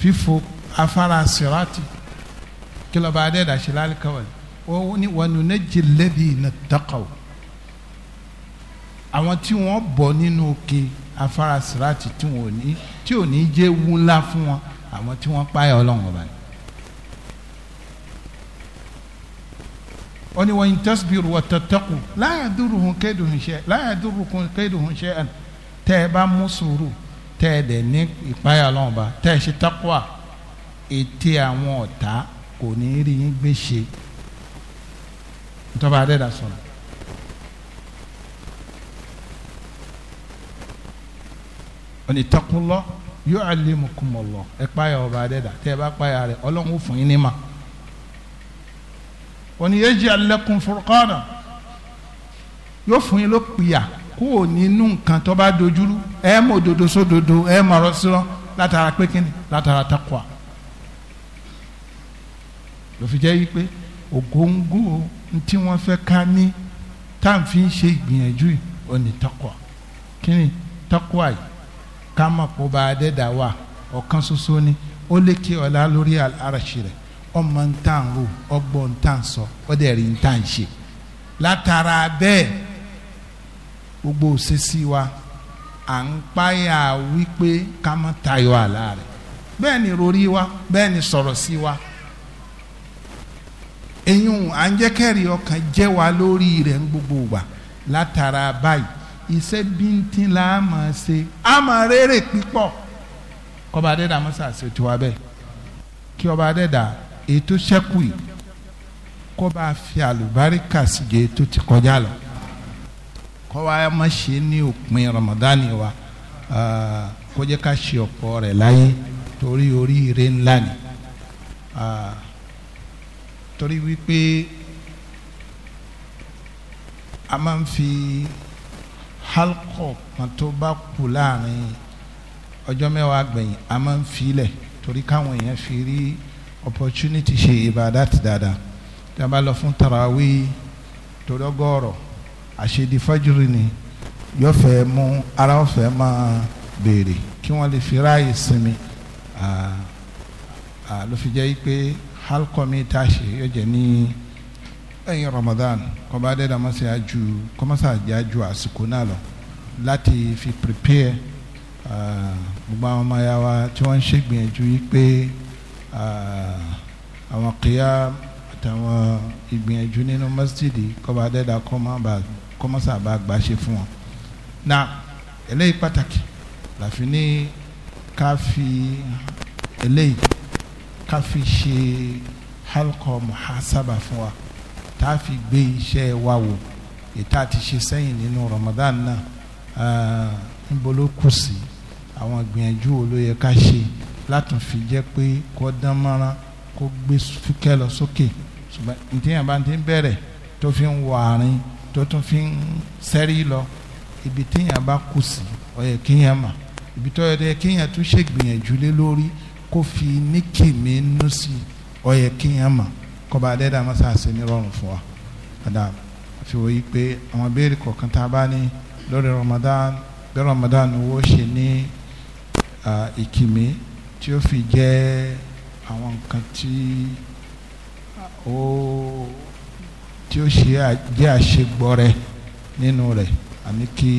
fífo afárá sirati kí lọ́ba adẹ́dà ṣe lálẹ́kọ̀ọ́ ó ní wọn nù nẹ́jì lẹ́bi iná dákàwọ́ àwọn tí wọ́n bọ̀ nínú òkè afárá sirati tí wọn ní tí ò ní jẹ́ wúńlá fún wọn àwọn tí wọ́n páyà ọlọ́run ọba ni. wọ́n ní wa in tasbiru wa tattaqu la yadurruhum kayduhum shay'an la yadurrukum kayduhum shay'an tẹ́ ẹ bá mú sùúrù tẹ́ ẹ dẹ̀ ní ìpáyà lọ́wọ́ bá tẹ́ ẹ ṣe taqwa ète àwọn ọ̀tá kò ní rí yín gbé ṣe ntọ́ba adẹ́dà sọ̀rọ̀. ọ̀nì taqullah yu'allimukumullah ẹ̀ páyà ọba adẹ́dà tẹ́ ẹ bá páyà rẹ̀ ọlọ́run fún yín ní mà òní yaj'al lakum furqana yóò fún yín ló pìyà kó o nínú nǹkan tó bá dojúrú ẹ mọ òdodo sódodo ẹ mọ ọ̀rọ̀ sírọ látara pé kíni látara takwa lòfin jẹ́ wípé ògóńgó tí wọ́n fẹ́ ká ní tá à ń fi ṣe ìgbìyànjú yìí òní takwa kíni takwa yìí ká mọ̀ kó bá a dẹ́dà wà ọ̀kan ṣoṣo ni ó lékè ọ̀la lórí àràṣì rẹ̀ ọmọ ń tàn rò ọgbọ́n ń tàn sọ ọdẹ rí ń tàn ṣe látara bẹ́ẹ̀ gbogbo òṣèṣì wa à ń páyà wípé ká má tayọ àlá rẹ̀ bẹ́ẹ̀ ni rori wa bẹ́ẹ̀ ni sọ̀rọ̀ sí wa eyín à ń jẹ́ kẹ́rì ọkàn jẹ́ wa lórí rẹ̀ ń gbogbo wa látara báyìí iṣẹ́ bíntín la máa ṣe a máa rere pípọ̀ kọba adẹ́dàá mọ́sàsì tiwa bẹ́ẹ̀ kí ọba adẹ́dàá ètò sẹ́kù yìí kó bá fi àlùbáríkà sí ju ètò ti kọjá lọ kó wa má ṣe ní òpin Ramadan wa ah, kó jẹ́ ká ṣe ọ̀pọ̀ rẹ̀ láyé torí oríire ńlá ni ah, torí wípé a máa ń fi halkọ kan tó bá kù láàrin ọjọ́ mẹ́wàá gbẹ̀yìn a máa ń filẹ̀ torí káwọn èèyàn fi rí opportunity ṣe ibadat dada, tí a bá lọ fún tarawih tòdọ́gọ́rọ̀ àṣedí fajiri ni yóò fẹ́ mú ara fẹ́ máa béèrè kí wọ́n lè fi ráàyè sinmi ló fi pé halkọ́ mi ṣe yóò jẹ́ ní ẹ̀yìn Ramadan kọ́ba adéda mọ́sá ju kọ́mọ́sá ju àsìkò náà lọ láti fi prepare gbogbo àwọn ọmọ ya wa tí wọ́n ń ṣègbìyànjú yìí pé. Ah, àwọn qiyam àtàwọn ìgbìyànjú nínú masjidi kọ́ba adẹ́dà kọ́mọ́sà bá gbà ṣe fún wọn. na eléyìí pàtàkì láfi ní ká fi eléyìí ká fi ṣe halqa muhasaba fún wa tá a fi gbé iṣẹ́ wa wò ètò àti ṣe sẹ́yìn nínú Ramadan náà ń ah, bolo kù sí àwọn ìgbìyànjú wo ló yẹ ká ṣe láti fi jẹ́ pé kó dán mọ́ra kó gbé fúkẹ́ lọ sókè ṣùgbọ́n ìdíyàn bá ti ń bẹ̀rẹ̀ tó fi ń wọ àárín tó tún fi ń sẹ́rí lọ ibi tíyàn bá kù sí ó yẹ kíyàn mà ibi tó yẹ kíyàn tún ṣègbìyànjú lé lórí kó fi níkìmí nú sí ó yẹ kíyàn mà kọba adẹ́dàá mọ́sáàsì ní rọrùn fún wa padà fi wọ́n yí pé àwọn béèrè kọ̀ọ̀kan tá a bá ní lórí Ramadan bí Ramadan wo ṣe ní ìkìmí. Uh, tí ó fi jẹ́ àwọn nǹkan tí ó tí ó ṣe jẹ́ àṣegbọrẹ nínú rẹ̀ àní kí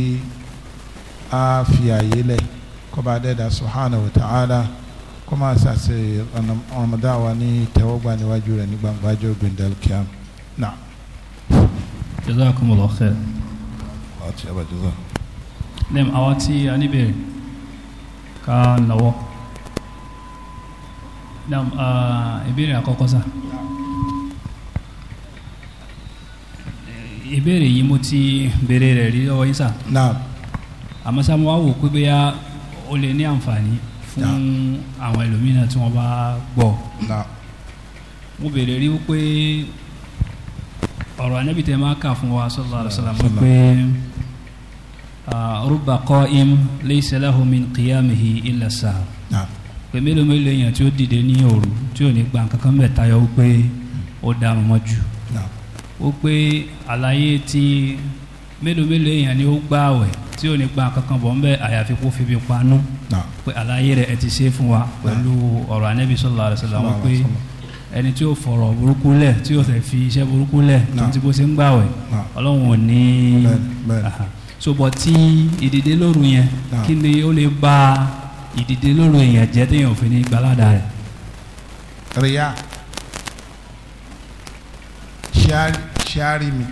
a fi àyè lẹ̀ kọ́ba dẹ́dà subhanahu wa ta'ala kó máa ṣàṣe ọ̀nàmọ́dá wa ní tẹ́wọ́gbà níwájú rẹ̀ ní gbangba ọjọ́ gbendel kiam náà. jazakumullahu khair. àti abajazak. nem àwa tí a níbẹ̀rẹ̀ ká nawọ́. Nam ah, ìbéèrè àkọ́kọ́ sá. Ìbéèrè yìí mo ti béèrè rẹ̀ rí lọ́wọ́ yín sá. Nam. Àmọ́ sá mo wá wò pé bóyá o lè ní àǹfààní fún àwọn ẹlòmíràn tí wọ́n bá gbọ́. Nam. Mo béèrè rí pé ọ̀rọ̀ anábì tẹ́ máa kà fún wa sallallahu alaihi wasallam pé ah, rubba qa'im laysa min qiyamihi illa sahar pé mélòó mélòó èèyàn tí ó dìde ní òru tí ò ní gba nǹkan kan bẹ̀ tayọ pé ó dáhùn mọ́ jù ó pé àlàyé tí mélòó mélòó èèyàn ni ó gbààwẹ̀ tí ò ní gba nǹkan kan bọ̀ ń bẹ̀ àyàfi kó fi bí panú pé àlàyé rẹ̀ ẹ ti ṣe fún wa pẹ̀lú ọ̀rọ̀ Ànábì sallallahu alaihi wasallam pé ẹni tí ó fọ̀rọ̀ burúkú lẹ̀ tí ó fẹ́ fi iṣẹ́ burúkú lẹ̀ tó ti bó ṣe ń gbààwẹ̀ ìdìde lóru èèyàn jẹ́ téèyàn fi ní gbalada rẹ̀. ríyà ṣé a rí mi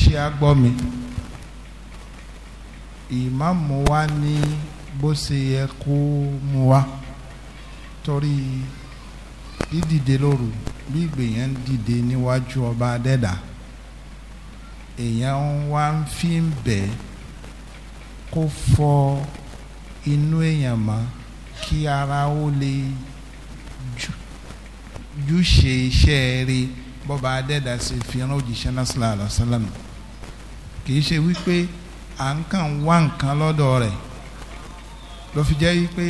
ṣé a gbọ́ mi ìmáàmù wa ní bó ṣe yẹ kó mu wa torí dídìde lóru bí ìgbèyàn dìde níwájú ọba adẹ́dà èèyàn wá ń fi ń kó fọ́ ọ inú èèyàn mọ́ kí ara ó lè júṣe iṣẹ́ rí bọ́ba adẹ́dà sí fìràn òjíṣẹ́ náà sallallahu alaihi wasallam kì í ṣe wípé à ń kàn wá nǹkan lọ́dọ̀ rẹ̀ ló fi jẹ́ wípé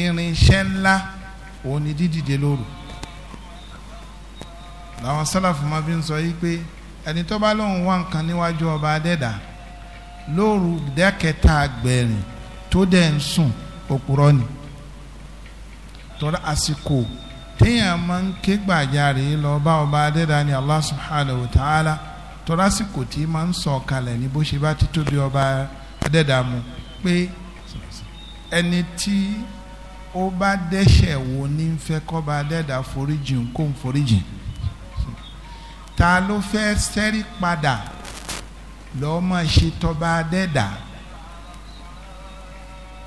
irinṣẹ́ ńlá òun ni dídìde lóru làwọn sálàfù máa fi ń sọ yìí pé ẹni tó bá lóun wá nǹkan níwájú ọba adẹ́dà lóru dẹ́kẹta gbẹ̀rìn tó dẹ̀ ń sùn òpùrọ́ ni tọ́lá àsìkò téèyàn máa ń ké lọ bá ọba adẹ́dá ni Allah subhanahu wa ta'ala tọ́lá àsìkò tí máa ń sọ kalẹ̀ ní bó ṣe bá ti ọba adẹ́dá mu pé ẹni tí ó bá ní fẹ́ ta ló fẹ́ sẹ́rí padà lọ́ọ́ máa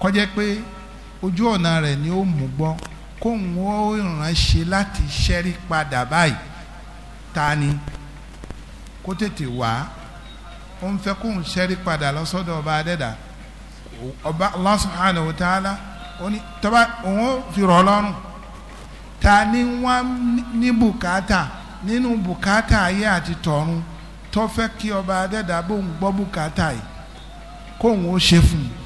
kọjá pé ojú ọ̀nà rẹ̀ ni ó mú gbọ́ kóun ó ránṣẹ́ láti ṣẹ́rí padà báyìí ta ni kó tètè wá ó ń fẹ́ kóun ṣẹ́rí padà lọ́sọ́dọ̀ ọba adẹ́dà ọba Allah subhanahu wa ta'ala ó ní tọ́ba òun ó fi rọ̀ lọ́rùn ta ni wọ́n ní bùkátà nínú bùkátà ayé àti tọ̀run tó fẹ́ kí ọba adẹ́dà bóun gbọ́ bùkátà yìí kóun ó ṣe fún un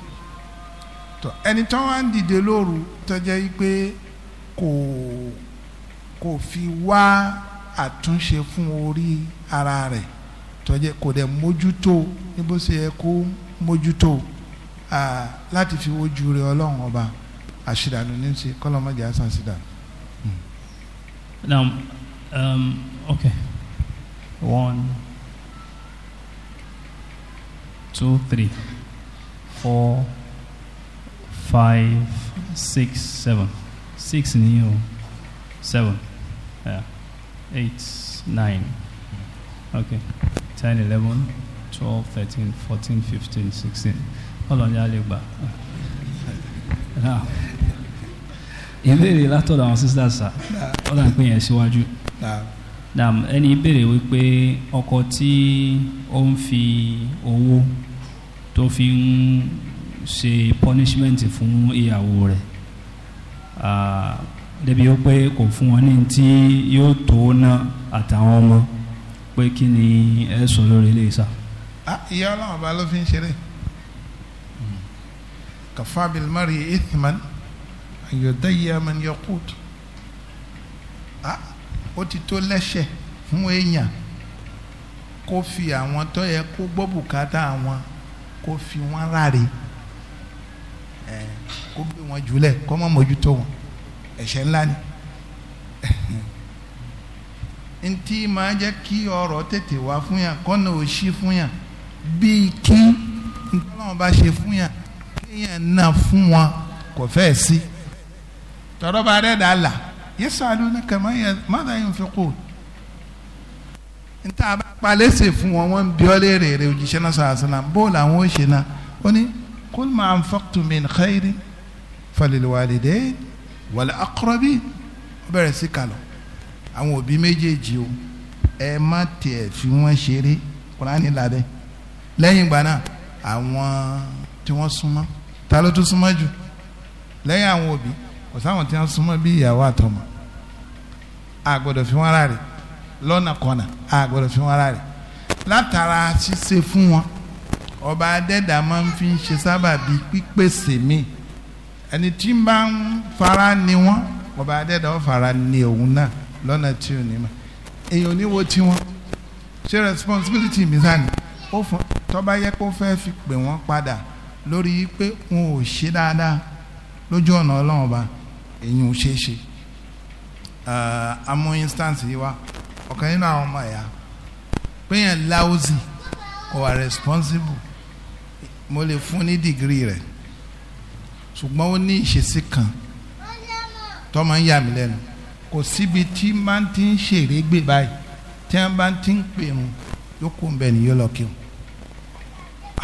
tọ ẹni tó wá ń dìde lóru tó jẹ́ pé kò kò fi wá àtúnṣe fún orí ara rẹ̀ tó jẹ́ kò dẹ̀ mójútó ní bó ṣe yẹ kó mójútó láti fi wojú rẹ̀ ọlọ́run ọba àṣìdànù ní ṣe kọ́lọ́mọ́jà àṣà now um, okay one two three four five, six, seven. Six ni o. Seven. Yeah. Eight, nine. Okay. Ten, eleven, twelve, thirteen, fourteen, fifteen, sixteen. Ọlọ́run yà lè gbà. Ìbéèrè látọ̀dọ̀ àwọn sisters sà. Ọlọ́run àpè yẹn síwájú. Ẹni béèrè wípé ọkọ tí ó ń fi owó tó fi ń ṣe punishment fún ìyàwó rẹ̀ débi ó pé kò fún wọn ní tí yóò tó ná àtàwọn ọmọ pé kí ni ẹ sọ lórí ilé ìsà. ìyá ọlọ́run ọba ló fi ń ṣeré kàfá bilimari ithman ayọ̀dẹ́yẹ man yakut ó ti tó lẹ́sẹ̀ fún èèyàn kó fi àwọn tó yẹ kó gbọ́ bùkátà wọn kó fi wọn ráre kó gbé wọn jùlẹ̀ kó má mójútó wọn ẹ̀ṣẹ̀ ńlá ni ntí máa jẹ́ kí ọ̀rọ̀ tètè wá fún yàn kọ́nà ò sí fún yàn bíi kí ntọ́lọ́wọ́n bá ṣe fún yàn kéèyàn náà fún wọn kò fẹ́ẹ̀ sí tọ́rọ́ bá rẹ̀ dà là yẹ́sọ̀ àdúrà kàmá yẹn mọ́tà yẹn fi kú ntá a bá palẹ́sẹ̀ fún wọn wọ́n ń bí ọ́ léèrè rẹ̀ òjíṣẹ́ náà bóòlù àwọn ò ṣe náà ó ní قل ما أنفقتم من خير فللوالدين والأقربين bẹ̀rẹ̀ sí kalọ̀ àwọn òbí méjèèjì o ẹ má tiẹ̀ fi wọ́n ṣeré kúránì lábẹ́ lẹ́yìn ìgbà náà àwọn tí wọ́n súnmọ́ ta ló tún súnmọ́ jù lẹ́yìn àwọn òbí kò sáwọn tí wọ́n súnmọ́ bí ìyàwó àtọmọ a gbọ́dọ̀ fi wọ́n rárẹ̀ lọ́nà kọ́nà a gbọ́dọ̀ fi wọ́n rárẹ̀ látara ṣíṣe fún wọn ọba adẹ́dà máa ń fi ń ṣe sábàbí pípèsè mi ẹni tí ń bá ń fara ni wọ́n ọba adẹ́dà ó fara ni òun náà lọ́nà tí ò ní mà èèyàn oníwo tí wọ́n ṣe responsibility mi sáà ni ó fún tọ́ba yẹ kó fẹ́ fi pè wọ́n padà lórí pé wọn ò ṣe dáadáa lójú ọ̀nà ọlọ́run ọba èyí ò ṣeé ṣe amú instance yìí wá ọ̀kan nínú àwọn ọmọ ẹ̀yà péyàn láwùzì kò wà responsible mo lè fún ní dìgírì rẹ̀ ṣùgbọ́n ó ní ìṣesí kan tó máa ń yà mí lẹ́nu kò síbi tí máa ti ń ṣeré gbé báyìí tí wọ́n bá ti ń pè mu yóò kó bẹ́ẹ̀ ni yóò lọ kí mu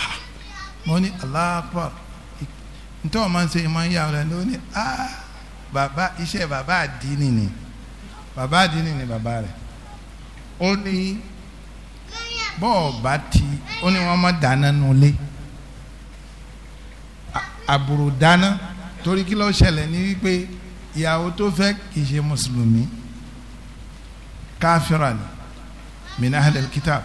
ah, mo ní aláàpá nítorí wọ́n máa ń ṣe ìmọ̀ ń yà ọ́ lẹ́nu ó ní ah, bàbá iṣẹ́ bàbá àdínì ni bàbá àdínì ni bàbá rẹ̀ ó ní bọ́ọ̀ bá ti ó ní wọ́n máa dáná nulẹ̀ àbùrù dáná torí kí ló ṣẹlẹ̀ ní wípé ìyàwó tó fẹ́ kì í ṣe mùsùlùmí káfíra ni minahal kitab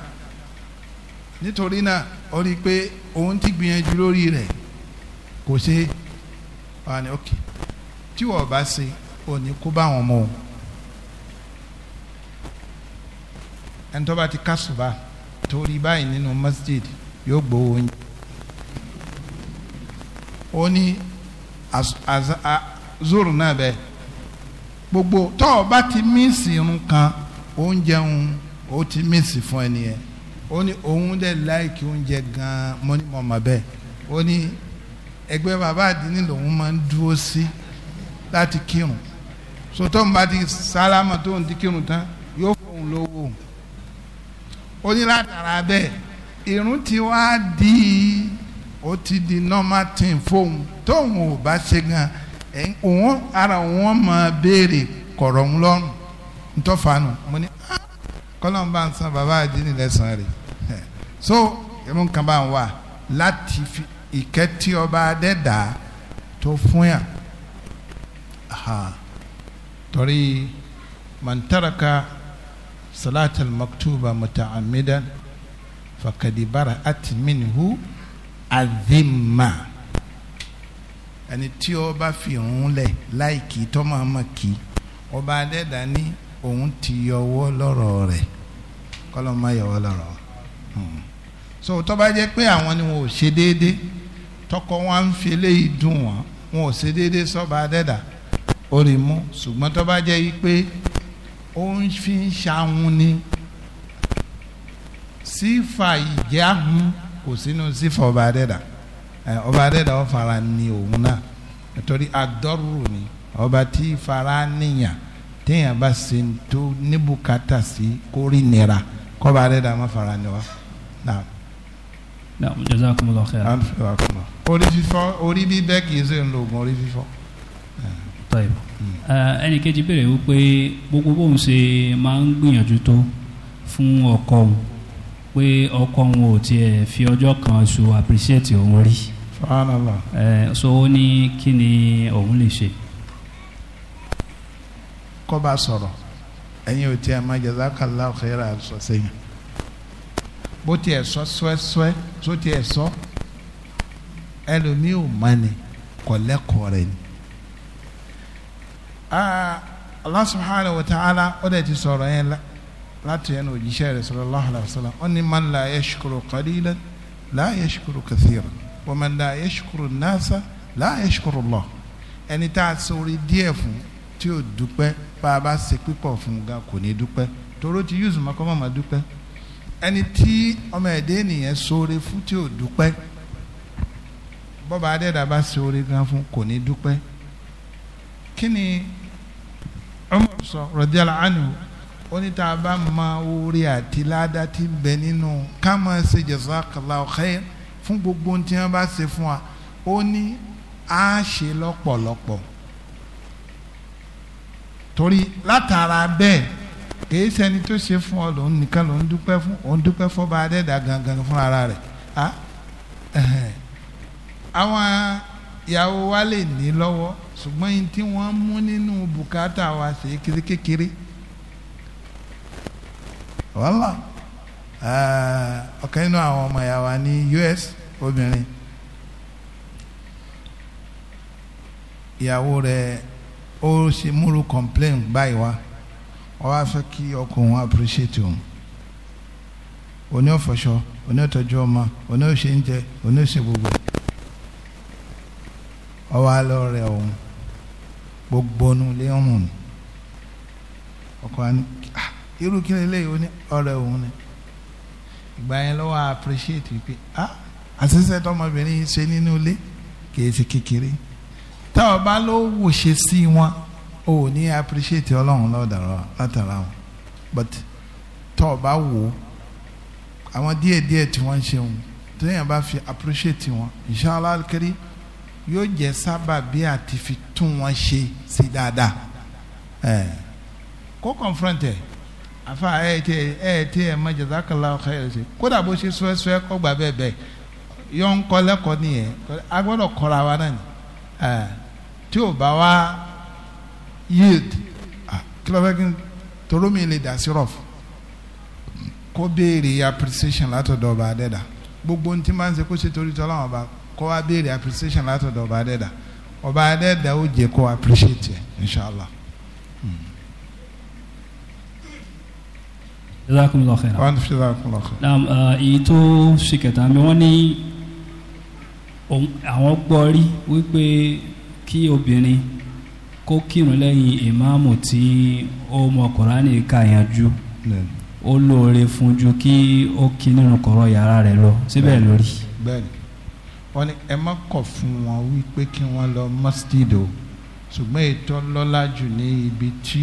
nítorí náà ó rí i pé òun ti gbìyànjú lórí rẹ̀ kò ṣe wà ní òkè tí wọ́n bá ṣe òní kó bá wọn mọ o ẹni tó bá ti kásùbà torí báyìí nínú masjid yóò gbowó oúnjẹ ó ní zoro náà bẹ́ẹ̀ gbogbo tó o bá ti mísì irun kan oúnjẹ òun ó ti mísì fún ẹni yẹn ó ní òun dẹ̀ láìkí oúnjẹ gan-an mo ní mọ̀mọ́ bẹ́ẹ̀ ó ní ẹgbẹ́ bàbá àdínní lòun máa ń dúró sí láti kírun sọtọ́ nípa ti sálámà tó ń di kírun tán yóò fóun lówó ó ní látara bẹ́ẹ̀ irun ti wá di ó ti di normal thing fóun tóun ò bá ṣe gan òun ara wọn máa béèrè kọ̀rọ̀ ń lọ́rùn ntọ́fàánù mo ní ah, kọ́lọ́n bá ń san bàbá àdínì lẹ́sàn-án rẹ̀ so irun kan bá ń wà láti fi ìkẹ́ tí ọba adẹ́dà tó fún yà torí mọ̀ntàràkà salatul maktuba muta'ammidan fakadibara ati minhu azima ẹni tí ó bá fi òun lẹ̀ láìkí tọ́mọ ọmọ kí ọba adẹ́dà ní òun ti yọwọ́ lọ́rọ̀ rẹ̀ kọ́lọ́ má yọwọ́ lọ́rọ̀ hmm. so tó bá jẹ́ pé àwọn ni wọn ò ṣe déédéé tọkọ wọn ń fi eléyìí dùn wọn wọn ò ṣe déédéé sọ́ba adẹ́dà ó rí mú ṣùgbọ́n tó bá jẹ́ yí pé ó ń fi ń ṣahun ni sífà ìjẹ́ ahun kò sínú sífọ̀ ọba adẹ́dà ọba adẹ́dà ó fara ní òun náà nítorí adọ́rù ni ọba tí fara níyàn téèyàn bá ṣe ń tó níbùkátà sí kórì nira kọ́ba adẹ́dà má fara ní wa. jazakumullahu khairan. orí fífọ́ orí bíbẹ́ kì í ṣe ń lo orí fífọ́ hmm. ẹnì kejì béèrè wípé gbogbo bóun ṣe máa ń gbìyànjú tó fún ọkọ òun pé ọkọ wọn ò tiẹ̀ fi ọjọ́ kan ṣù appreciate òun rí. subhanallah. ẹ so ó ní kí ni òun lè ṣe. kó bá sọ̀rọ̀ ẹ̀yin ò tiẹ̀ máa jazakallahu khairan sọ sẹ́yìn bó tiẹ̀ sọ sọ́ẹ́sọ́ẹ́ tó tiẹ̀ sọ ẹlòmíì ò mọ ni kọ̀lẹ́kọ̀ọ́ rẹ̀ ni. Ah, Allah subhanahu wa ta'ala ó dẹ̀ ti sọ̀rọ̀ yẹn la láti ẹnu òjíṣẹ́ rẹ̀ sallallahu alaihi wasallam ó ní man la yashkuru qalilan la yashkuru kathiran wa man la yashkuru nasa la yashkuru Allah ẹni tá a sori díẹ̀ fún tí ó dúpẹ́ bá a bá ṣe pípọ̀ fún ga kò ní dúpẹ́ toró ti yúzù máa kọ́ máa dúpẹ́ ẹni tí ọmọ ẹ̀dẹ́ nìyẹn sóore fún tí ò dúpẹ́ bọ́ba adẹ́dà bá sóore gan fún kò ní dúpẹ́ kí ni Umar sọ radiyallahu anhu ó ní tá a bá mọ oore àti ládá tí ń bẹ nínú ká máa ṣe jazakallahu khair fún gbogbo ohun tí wọ́n bá ṣe fún wa ó ní á ṣe lọ́pọ̀lọpọ̀ torí látara bẹ́ẹ̀ kìí ṣẹni tó ṣe fún ọ lòun nìkan lòun dúpẹ́ fún òun dúpẹ́ fọba adẹ́dà gangan fún ara rẹ̀ àwọn ìyàwó wa lè ní lọ́wọ́ ṣùgbọ́n yìí tí wọ́n mú nínú bùkátà wa ṣe kékeré wàhálà eh, ọ̀kan àwọn ọmọ ìyá wa ní US obìnrin ìyàwó rẹ̀ ó ṣe múru complain báyìí wá wọ́n wá fẹ́ kí ọkùnrin appreciate òun oní ọ̀fọ̀ṣọ oní ọ̀tọ́jú ọmọ oní ọ̀ṣẹ́ńjẹ oní ọ̀ṣẹ́ gbogbo ọwọ́ alọ́ rẹ̀ òun gbogbo onú lé irú kí ni eléyìí ó ní ọ̀rẹ́ òun ni ìgbà yẹn lọ́wọ́ appreciate wípé ah àṣìṣe tọmọbìnrin yìí ṣe nínú ilé kìí ṣe kékeré tá a bá ló wò ṣe sí wọn o ò ní appreciate ọlọ́run lọ́dàrọ́ látara wọn but tá a bá wò ó àwọn díẹ̀ díẹ̀ tí wọ́n ń ṣe wọn téèyàn bá fi appreciate wọn inshallah kiri yóò jẹ́ sábà bí àti fi tún wọn ṣe sí dáadáa ẹ̀ kó confront ẹ̀ àfa ẹ tí ẹ tí ẹ má jazakallahu khairan ṣe kódà bó ṣe sọ́ẹ́sọ́ẹ́ kọ́ gbà bẹ́ẹ̀ bẹ́ẹ̀ yọ ń kọ́ lẹ́kọ̀ọ́ nìyẹn a gbọ́dọ̀ wa náà ni tí ò bá wa yield kí ló fẹ́ kí n toró mi lè dà sí rọ̀f kó béèrè appreciation látọ̀dọ̀ ọba adẹ́dà gbogbo ohun tí máa ń ṣe kó ṣe torí tọ́lá wọn bá kó wa béèrè appreciation látọ̀dọ̀ ọba adẹ́dà ọba adẹ́dà ó jẹ́ kó appreciate ẹ̀ inshallah. Hmm. jazakumullahu khairan. wa antum jazakumullahu khairan. naam èyí tó ṣe kẹta mi wọ́n ní àwọn gbọ́ rí wípé kí obìnrin kó kírun lẹ́yìn ìmáàmù tí ó mọ kùránì ká yanjú ó lóore fún ju kí ó kí nínú kọ̀rọ̀ yàrá rẹ̀ lọ síbẹ̀ lórí. bẹ́ẹ̀ni wọ́n ní ẹ má kọ̀ fún wọn wípé kí wọ́n lọ masjid o ṣùgbọ́n ètò lọ́lá jù ní ibi tí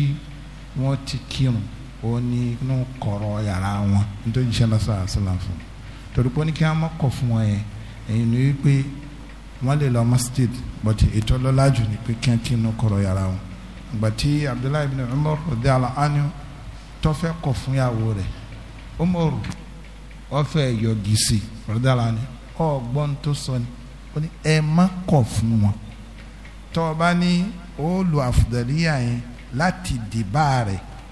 wọ́n ti kírun ó ní inú kọ̀rọ̀ yàrá wọn nítorí jíṣẹ́ lọ́sọ̀ àṣàlàn fún torí pé ó ní kí wọ́n má kọ̀ fún wọn yẹn èyí ni wípé wọ́n lè lọ masjid but ètò ọlọ́lá jù ni pé kí wọ́n kí inú kọ̀rọ̀ yàrá wọn ìgbà tí Abdullahi ibn Umar ọ̀dẹ́ àlọ́ ánú tọ́fẹ́ kọ̀ fún ìyàwó rẹ̀ Umar ọ̀fẹ́ yọ̀gì sí ọ̀dẹ́ àlọ́ ánú tó ni ó ní ẹ má kọ̀ fún wọn tọ́ bá ní ó lu àfùdàlíyà yẹn láti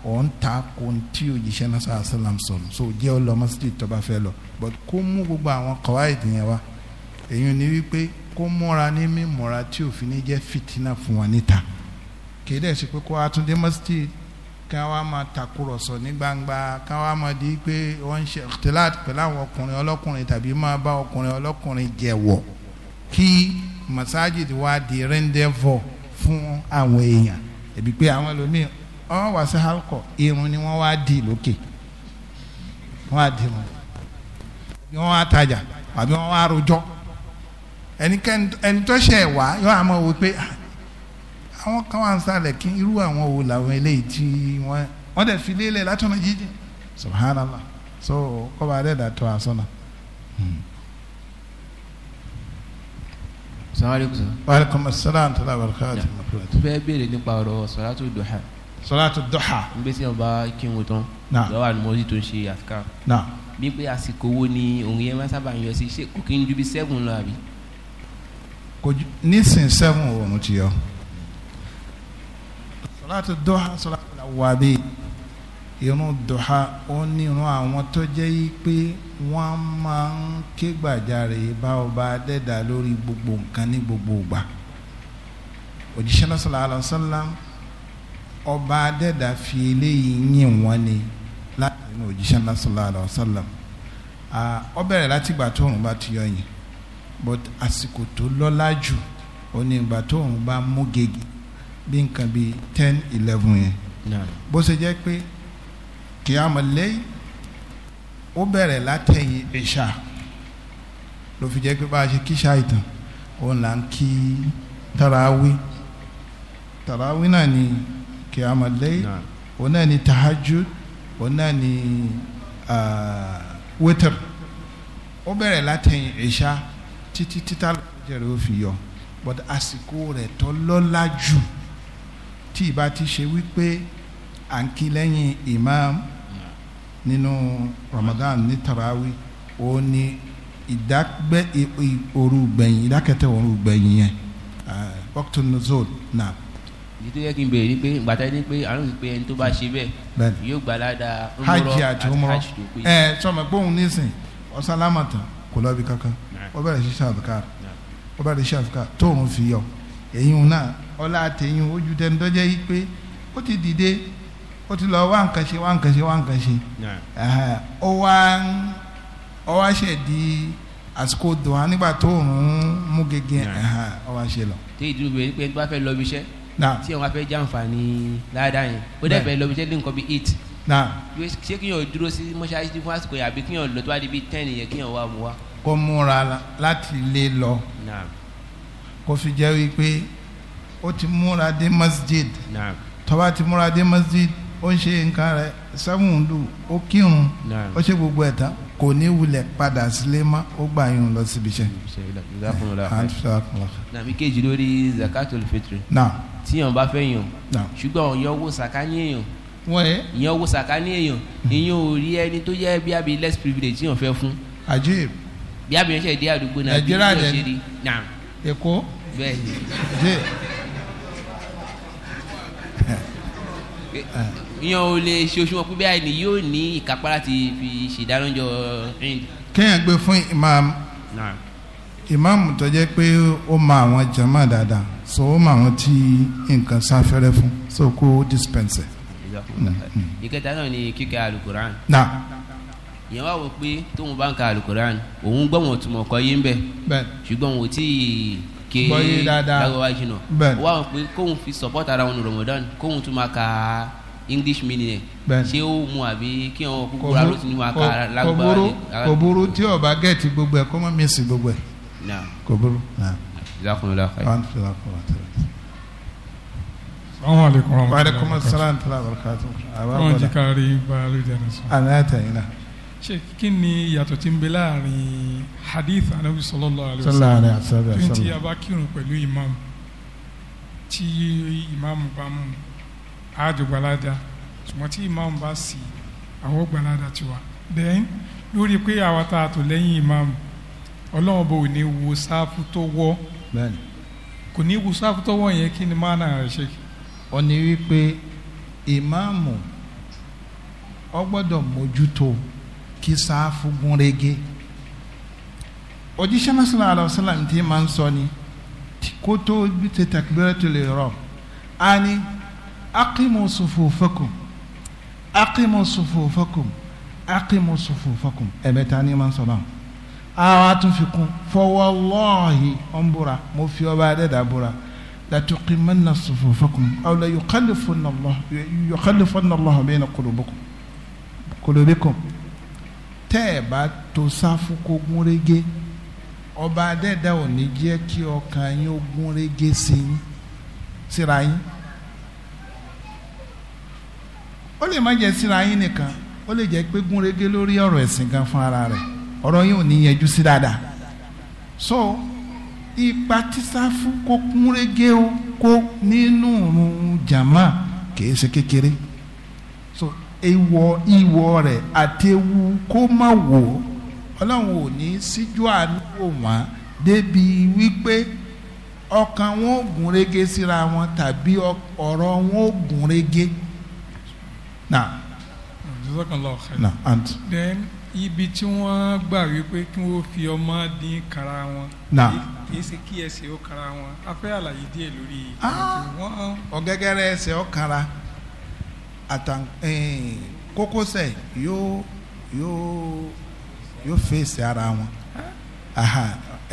òun ta kò ń tí òjíṣẹ́ náà sàrà sàlám sọ̀rọ̀ so jẹ́ ọ lọ mọ́sítì tó fẹ́ lọ but kó mú gbogbo àwọn kọ́wáì yẹn wá èyí ni wípé kó múra ní mímúra tí òfin ní jẹ́ fìtínà fún wọn níta kì í dẹ̀ sí pé kó wá tún dé mọ́sítì ká wá máa takùrọ̀sọ ní gbangba ká wá máa di pé wọ́n ń ṣe ikhtilat pẹ̀lú àwọn ọkùnrin ọlọ́kùnrin tàbí máa bá ọkùnrin ọlọ́kùnrin jẹ̀wọ̀ kí masajid wá di rendezvous fún àwọn èèyàn ẹ̀bí pé àwọn ẹlòmíràn wọ́n wá sí halkọ irun ni wọn wá di lókè wọn wá di wọn bí wá tajà àbí wọ́n wá ẹni tó ṣẹ̀ wá yọ àmọ́ wo pé ah, àwọn kan wà ń sálẹ̀ kí irú àwọn wo làwọn eléyìí tí wọ́n wọ́n fi lélẹ̀ látọ̀nà jíjìn so kọ́ba adẹ́dà tó àsọ̀nà. sàlámù tó àti béèrè nípa ọ̀rọ̀ sọ̀rọ̀ àti sọláàtù dọ́hà. n gbé sí ọba kírun tán. na lọ́wọ́ àni mọ́sí tó ń ṣe àtìká. na bí pé àsìkò wo ni òun yẹn máa sábà yọ sí ṣé kò kí n ju bí seven lọ àbí. kò ju nísìn seven òun ti yọ. sọláàtù dọ́hà sọláàtù làwàbí irun dọ́hà ó ní irun àwọn tó jẹ́ yí pé wọ́n máa ń ké gbàjarè bá ọba adẹ́dà lórí gbogbo nǹkan ní gbogbo ìgbà òjíṣẹ́ náà sallallahu alaihi wasallam ọba adẹ́dà fi eléyìí yìn wọ́n ni láti inú òjíṣẹ́ náà sallallahu alaihi wasallam ó bẹ̀rẹ̀ láti ìgbà tó òrùn bá ti yọ yìn but àsìkò tó lọ́lá jù ó ní ìgbà tó òrùn bá mú gègé bí nǹkan bíi ten eleven yẹn bó ṣe jẹ́ pé qiyamul layl ó bẹ̀rẹ̀ látẹ̀yìn ìṣà ló fi jẹ́ pé bá a ṣe kíṣà ìtàn òun là ń kí tarawí tarawí náà ni qiyamul layl òun náà ni tahajjud òun náà ni witr ó bẹ̀rẹ̀ látẹ̀yìn ìṣá títí títà lọ́jọ́rẹ́ ó fi yọ but àsìkò rẹ̀ tó lọ́lá jù tí ìbá ti ṣe wípé à ń kí lẹ́yìn imam nínú Ramadan ní tarawi ó ní ìdágbẹ́ òru gbẹ̀yìn ìdákẹ́tẹ̀ òru gbẹ̀yìn yẹn waqtun nuzul ìdí tó yẹ kí n béèrè ni pé gbàtà ni pé àrùn pé ẹni tó bá ṣe bẹ́ẹ̀ yóò gbà ládàá hajj àti umrọ ẹ sọmọ gbóhùn nísìn ọsálámàtà kò lọ́ọ́ bí kankan ó bẹ̀rẹ̀ sí ṣàfikà ó bẹ̀rẹ̀ sí ṣàfikà tóun fi yọ èyí náà ọlá àtẹ̀yìn ojú tẹnudọ́jẹ́ yìí pé ó ti dìde ó ti lọ wá nǹkan ṣe wá nǹkan ṣe wá nǹkan ṣe ó wá ó wá ṣe di àsìkò dùn á nígbà tó ń mú gègé ó wá ṣe lọ. tí ìdúró bèrè tí wọn fẹ́ jàǹfààní ládàá yẹn ó dẹ̀ bẹ̀rẹ̀ lọ bí sẹ́lẹ̀ nǹkan bí eight ṣé kí yàn dúró sí mọ́ṣáláṣí fún àsìkò yẹn àbí kí yàn lọ tó bá di bí ten yẹn kí yàn wá mú wa. kó múra láti lé lọ kó fi jẹ́ wípé ó ti múra dé masjid tó bá ti múra dé masjid ó ń ṣe nǹkan rẹ̀ sẹ́wọ̀n lù ó kírun ó ṣe gbogbo ẹ̀ tán kò ní wulẹ̀ padà sílé mọ́ ó gbà yín lọ síbi iṣẹ́. nàmí kejì lórí zakatul fitri. náà tíyàn bá fẹ́ yàn ṣùgbọ́n ìyẹn owó sàkání èèyàn ìyẹn owó sàkání èèyàn ìyẹn ò rí ẹni tó jẹ́ bí abi less privilege tíyàn fẹ́ fún. ajib. bí abiyàn ṣe dé àdúgbò náà bí yóò ṣe rí naam. èkó. bẹ́ẹ̀ ni. ìyẹn ò lè ṣe oṣù wọn pé bẹ́ẹ̀ ni yóò ní ìkápá láti fi ṣèdánilójọ. kéèyàn gbé fún imam. naam ìmáàmù tó jẹ́ pé ó mọ àwọn jama dáadáa so ó mọ àwọn tí nǹkan sáfẹ́rẹ́ fún so kó dispense. ìkẹta náà ni kíkà alukoran. na ìyẹn wá wọ pé tóun bá ń ka alukoran òun gbọ́ wọn tún ọkọ yín bẹ́ẹ̀ ṣùgbọ́n wọn ò tí ì ké lágbàwá jìnnà wá wọ pé kóun fi support ara wọn ní Ramadan kóun tún máa ka English meaning ẹ ṣé ó mu àbí kí wọn kúkúrú alóòtú ni wọn ka lágbàwá. kò burú tí ọba gẹ̀ẹ́tì gbogbo ẹ̀ kó má mí gbogbo ẹ̀ kò burú. salaamaleykum. waaleykum salaam tala barakatu. wọ́n jí baalu jẹ́nu sọ. àmì àtẹ̀yìn náà. ṣe kí ni yàtọ̀ tí ń hadith anabi sallallahu alayhi wa sallam tó ń ti yaba kírun pẹ̀lú imaamu tí ìmáàmù bá mú àjọgbàládà ṣùgbọ́n tí ìmáàmù bá sì àwọn gbàládà tiwa. then lórí pé àwa tá lẹ́yìn ìmáàmù ọlọ́run bò ní wo sáfù tó wọ́ kò ní wo sáfù tó wọ́ yẹn kí ni mánà rẹ̀ ṣe. ó ní wípé ìmáàmù ọ gbọ́dọ̀ mójútó kí sáfù gún régé òjíṣẹ́ náà sallallahu alaihi tí máa ń sọ ni kó tó bí ti takbiratul ihram a ní aqimu sufufakum aqimu sufufakum aqimu sufufakum ẹ̀mẹ́ta ni máa ń sọ báwọn àwa tún fi kún fọwọ́lọ́ọ̀hì ọ̀nbúra mo fi ọba adẹ́dà búra latuqimanna sufufakum aw la yukhalifanna Allah yukhalifanna Allah bayna qulubikum qulubikum tẹ́ ẹ̀ bá tó sáfù kó gún régé ọba adẹ́dà ò ní jẹ́ kí ọkàn yín ó gún régé sí yín síra yín ó lè má jẹ́ síra yín nìkan ó lè jẹ́ pé gún régé lórí ọ̀rọ̀ ẹ̀sìn gan fún ara ọ̀rọ̀ yìí ò ní yẹjú so ipa tísáfù kó o kó nínú òrùn jàmá kìí ṣe so ịwọ ìwọ rẹ àtẹwù kó má wò ó ọlọ́run ò ní síjú àánú wò wọ́n débi wípé ọkàn wọn ò gún tàbí ọ̀rọ̀ wọn ò ibi tí wọ́n gbà wípé kí wọ́n fi ọmọ dín kara wọn. na kì í ṣe kí ẹsẹ̀ ó kara wọn a fẹ́ àlàyé díẹ̀ lórí ah. wọn. ọ̀gẹ́gẹ́rẹ́ ẹsẹ̀ ó kara eh, kókósẹ̀ yóò yóò yóò fèsì ara wọn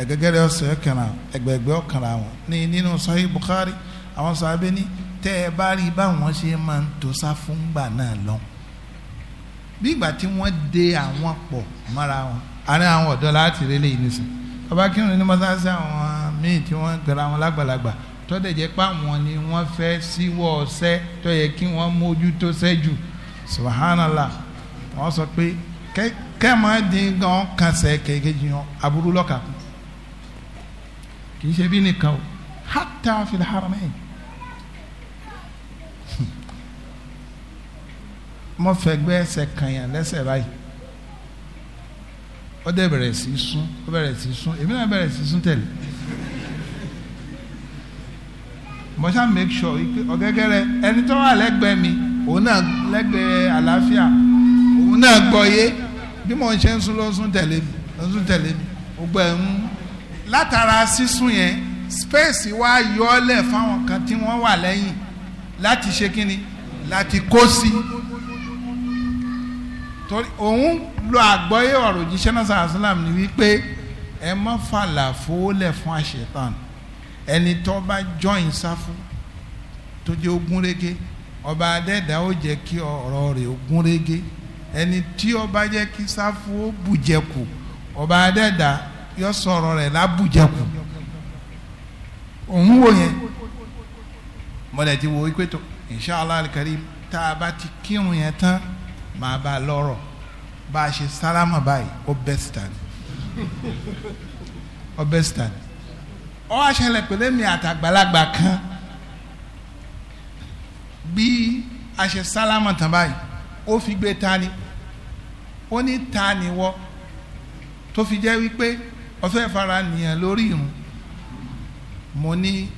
ẹ̀gẹ́gẹ́rẹ́ ẹsẹ̀ ó kara ẹgbẹ̀gbẹ́ wọn ní nínú Sahih Bukhari àwọn sọ abẹ́ni tẹ́ ẹ bá rí báwọn ṣe máa ń tó sá fún gbà náà lọ́wọ́ bí ìgbà tí wọ́n de àwọn pọ̀ mọ́ra wọn àárín àwọn ọ̀dọ́ láti rí léyìn nísìn bàbá kírun ní mọ́sáàsì àwọn míì tí wọ́n gbẹ̀rẹ̀ àwọn lágbàlagbà tọ́dẹ̀ jẹ́ pé àwọn ni wọ́n fẹ́ síwọ́ ọ̀sẹ́ tó yẹ kí wọ́n mójútó sẹ́jù subhanallah wọ́n sọ pé kẹ́mọ́díngan kansẹ̀ kẹ́kẹ́jì hàn aburú lọ́kàkùn kì í ṣe bí nìkan o hátà fìlà hàrámẹ́yìn mo fẹ̀gbẹ́ ẹsẹ̀ kànyàn lẹ́sẹ̀ báyìí ó dẹ̀ bẹ̀rẹ̀ sí sún ó bẹ̀rẹ̀ sí sún èmi náà bẹ̀rẹ̀ sí sún tẹ̀lé mo ṣáà make sure wípé ọ̀gẹ́gẹ́rẹ́ ẹni tó wà lẹ́gbẹ̀ẹ́ mi òun náà lẹ́gbẹ̀ẹ́ àlàáfíà òun náà gbọ́ yé bí mo ń ṣe ń sún ló ń sún tẹ̀lé mi ló ń sún tẹ̀lé mi gbogbo ẹ̀ ń látara sísún yẹn space wa yọ ọ́ lẹ̀ fáwọn kan tí wọ́n wà lẹ́yìn láti ṣe kínni láti kó sí torí òun lo àgbọ́yé ọ̀rọ̀ òjíṣẹ́ náà sàrà sàlám ni wípé ẹ má fàlàfo lẹ̀ fún àṣetán ẹni tó bá jọyìn sáfù tó jẹ́ ogún régé ọba adẹ́dá ó jẹ́ kí ọ̀rọ̀ rẹ̀ ogún régé ẹni tí ó jẹ́ kí sáfù ó bùjẹ̀kù ọba adẹ́dá yọ sọ̀rọ̀ rẹ̀ lábùjẹ̀kù òun wò yẹn mọ̀lẹ́tì wo ikú ètò inshallah tá a bá ti kírun yẹn tán máa bá a lọ́rọ̀ bá a ṣe sálámà báyìí ó bẹ́ sítà ni ó bẹ́ sítà ni ó wá ṣẹlẹ̀ pẹ̀lú mi àtàgbàlagbà kan bí a ṣe sálámà tán báyìí ó fi gbé ta ni ó ní ta wọ́ tó fi jẹ́ wípé ọ̀fẹ́ fara nìyẹn lórí irun mo ní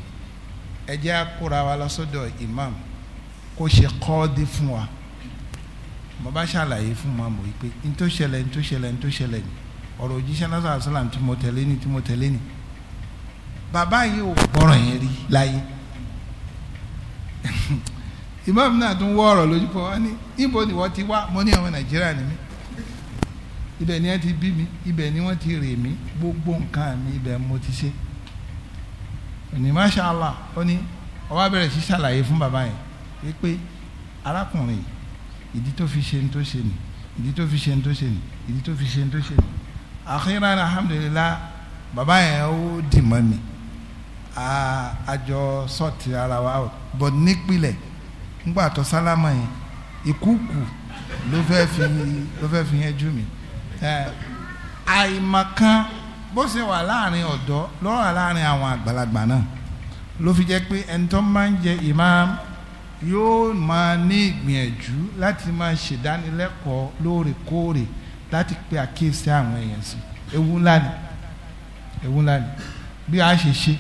ẹ jẹ́ a wa lọ imam kó ṣe kọ́ọ́dí fún wa mo bá ṣàlàyé fún màmú yìí pé n tó ṣẹlẹ̀ n tó ṣẹlẹ̀ n tó ṣẹlẹ̀ ni ọ̀rọ̀ òjíṣẹ́ náà sàlá sàlám tí mo tẹ̀lé ni tí mo tẹ̀lé ni bàbá yìí ò gbọ́rọ̀ yẹn rí láyé ìmáàmù náà tún wọ́ ọ̀rọ̀ lójú pọ̀ wá ní ibo ni wọ́n ti wá mo ní ọmọ nàìjíríà ni mí ibẹ̀ ni wọ́n ti bí mi ibẹ̀ ni wọ́n ti rè mí gbogbo nǹkan mi ibẹ̀ mo ti ṣe òní masha allah ó ní ó wá bẹ̀rẹ̀ sí ṣàlàyé fún bàbá yẹn wípé arákùnrin yìí ìdí tó fi ṣe ń tó ṣe ni ìdí tó fi ṣe ń tó ṣe ni ìdí tó fi ṣe ń tó ṣe ni àkírà alhamdulillah bàbá yẹn ó dì mọ́ mi àjọ sọ́ọ̀tì ara wa bọ̀ nípìnlẹ̀ ńgbà tó sálámà yẹn ìkúùkù ló fẹ́ fi ló fẹ́ fi yẹn jú mi àìmọ̀kan bó ṣe wà láàrin ọ̀dọ́ ló wà láàrin àwọn àgbàlagbà náà ló fi jẹ́ pé ẹni tó máa ń jẹ ìmáàmù yóò máa ní ìgbìyànjú láti máa ṣèdánilẹ́kọ̀ọ́ lóòrèkóòrè láti pe àkíyèsí àwọn èèyàn sí ewu ńlá ni ewu ńlá ni bí a ṣe ṣe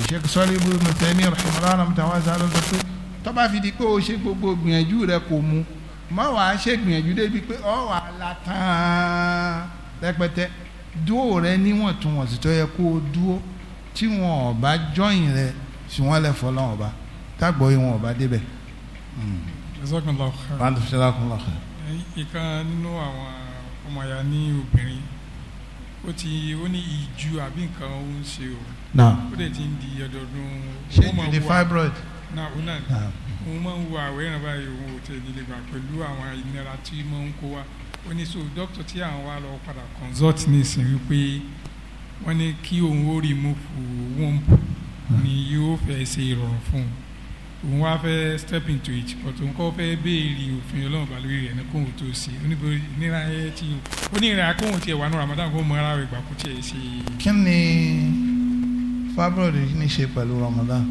ìṣèkè sọ́ọ́lì ibùdó mẹ́tẹ́ ní ọ̀rọ̀ mọ̀tàwọn sáré sọ pé tó bá fi di pé o ṣe gbogbo gbìyànjú rẹ kò mu má wàá ṣe gbìyànjú débi pé ọ wà á la tán rẹpẹtẹ dúó rẹ níwọ̀ntúnwọ̀nsì tó yẹ kó o dúó tí wọn ò jọyìn rẹ tí wọn lè ọba tágbọ́ yìí wọn ò bá débẹ̀. ìkan nínú àwọn ọmọ ya ní obìnrin ó ti ó ní ìju àbí nǹkan ó ń ṣe o ó dẹ̀ ti ń di ọdọọdún. ṣé ìjù ni fibroid. náà ó náà òun máa ń wo àwẹ̀ ìrìn báyìí òun ò tẹ̀lé lè gbà pẹ̀lú àwọn ìnira tí máa ń kó wa ó ní so dókítà tí àwọn wa lọ padà consult ní ìsìn wípé wọ́n ní kí òun ó rí mọ́pù wọ́n ní yóò fẹ́ ṣe ìrọ̀rùn fún un òun wá fẹ́ step into it but òun kọ́ fẹ́ béèrè òfin ọlọ́run bá lórí rẹ̀ ní kóhun tó ṣe oníbòrí nira ẹ ti o onírìnà kóhun tiẹ̀ wà ní Ramadan kó mọ ara rẹ̀ gbà kó tiẹ̀ ṣe. kí ni fibroid ní ṣe pẹ̀lú Ramadan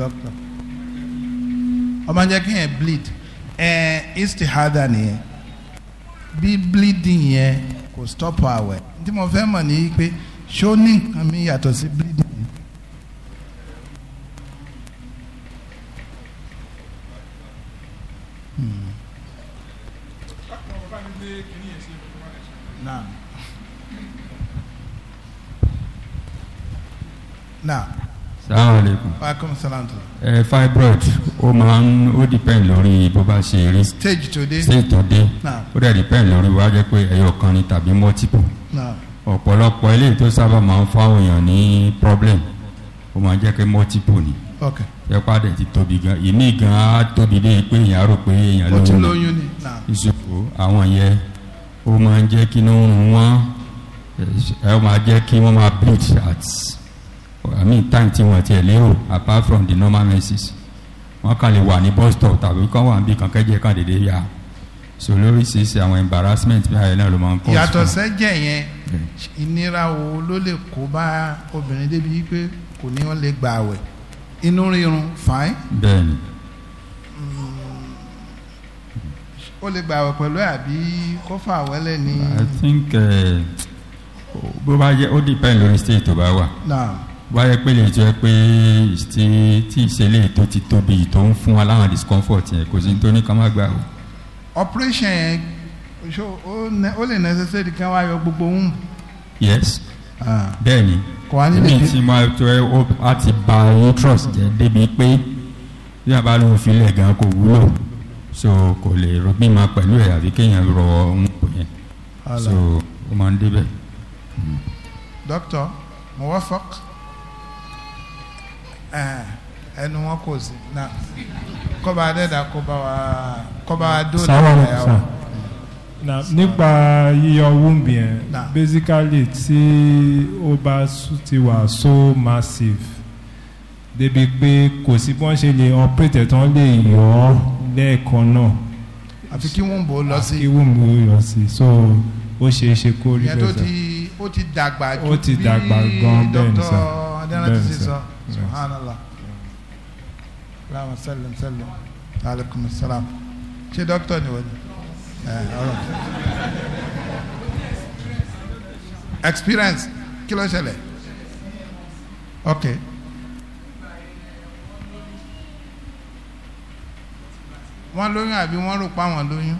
doctor ọmọ jẹ́ kí yẹn bleed ẹ istihada nìyẹn bí bleeding yẹn kò stop àwẹ̀ tí mo fẹ́ mọ̀ ní pé ṣó ní nǹkan mi yàtọ̀ sí bleeding. salaamaaleykum. waaleykum salaam. ẹ fibroid ó máa ń ó depend lórí bó bá ṣe rí. stage tó dé. stage tó dé. ó dẹ̀ depend lórí wá jẹ́ pé ẹyọ kan ni tàbí multiple. ọ̀pọ̀lọpọ̀ eléyìí tó sábà máa ń fáwọn èèyàn ní problem ó máa jẹ́ pé multiple ni. ok ẹ padà ti tóbi gan ìmí gan á tóbi dé pé èèyàn rò pé èèyàn lóyún ni. ó ti lóyún ni. ìṣòro àwọn yẹn ó máa ń jẹ́ kí inú rún ẹ máa jẹ́ kí wọ́n máa bleed at I mean time tí wọ́n tiẹ̀ lérò apart from the normal nurses wọ́n kàn lè wà ní bus stop tàbí kàn wà níbi kankan jẹ́ kàn dédé yá so lórí ṣíṣe àwọn embarrassment bí ayẹyẹ náà ló máa ń kọ́ sí. yàtọ̀ sẹ́jẹ̀ yẹn ìnira wo ló lè kó bá obìnrin débi pé kò ní wọ́n lè gbà àwẹ̀ inú rírun fine. bẹ́ẹ̀ni. Mm. ó lè gbà àwẹ̀ pẹ̀lú àbí kó wẹ́lẹ̀ ní. i think eh, bó bá yẹ ó depend lórí state tó bá wà. naam wáyé pé lè jẹ́ pé tí ìṣẹ̀lẹ̀ tó ti tóbi tó ń fún wa láwọn discomfort yẹn kò sí tó ní ká má gbà o. operation yẹn ó lè necessary kí wọ́n á yọ gbogbo womb. yes ah. bẹ́ẹ̀ ni èmi ti máa tó ẹ á ti ba uterus jẹ́ débi pé bí a bá lóun filẹ̀ gan kò wúlò so kò lè bímọ pẹ̀lú ẹ̀ àfi kéèyàn rọ ohun kò yẹn so ó máa ń débẹ̀. doctor mo wá fọ́k. Eh, ẹnu wọn kò sí na kọba adẹ́dà kọba wa kọba adóòlà ẹ̀ ọ́. na nípa yíyọ wúmbì yẹn basically tí ó bá ti wà so massive débi pé kò sí bí wọ́n ṣe lè operate ẹ̀ tán lè yọ ọ́ lẹ́ẹ̀kan náà àfi kí wọ́n lọ sí. kí wọ́n lọ sí so ó ṣe é ṣe kó rí bẹ́ẹ̀ sọ. ìyẹn tó ti ó ti dàgbà ju bí dókítà adélántì ṣe sọ subhanallah alahuma sallam sallam aleykum salaam ṣé dókítà ni wọ́n ni ọ̀rọ̀ eh, experience kí ló ṣẹlẹ̀ ok. wọ́n lóyún àbí wọ́n rò pa wọ́n lóyún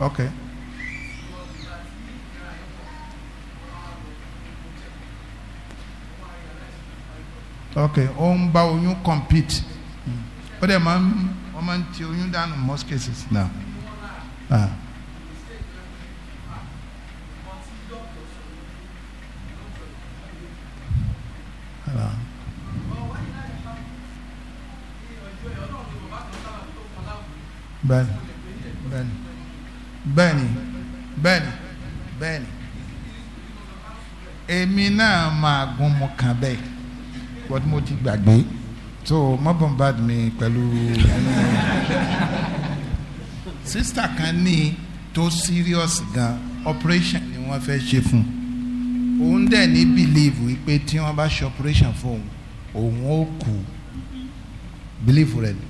ok. okay. ok ó ń bá oyún compete ó dẹ̀ máa ń wọ́n máa ń ti oyún dànù most cases now. Ah. bẹ́ẹ̀ni bẹ́ẹ̀ni bẹ́ẹ̀ni bẹ́ẹ̀ni bẹ́ẹ̀ni èmi náà máa gún mu kàn bẹ́ẹ̀ but mo ti gbàgbé so mo bombard mi pẹ̀lú. sista kan ní tó serious gan operation ni wọ́n fẹ́ ṣe fún un òun dẹ̀ ní believe wípé tí wọ́n bá ṣe operation fún òun òun ó kú believe rẹ̀ ni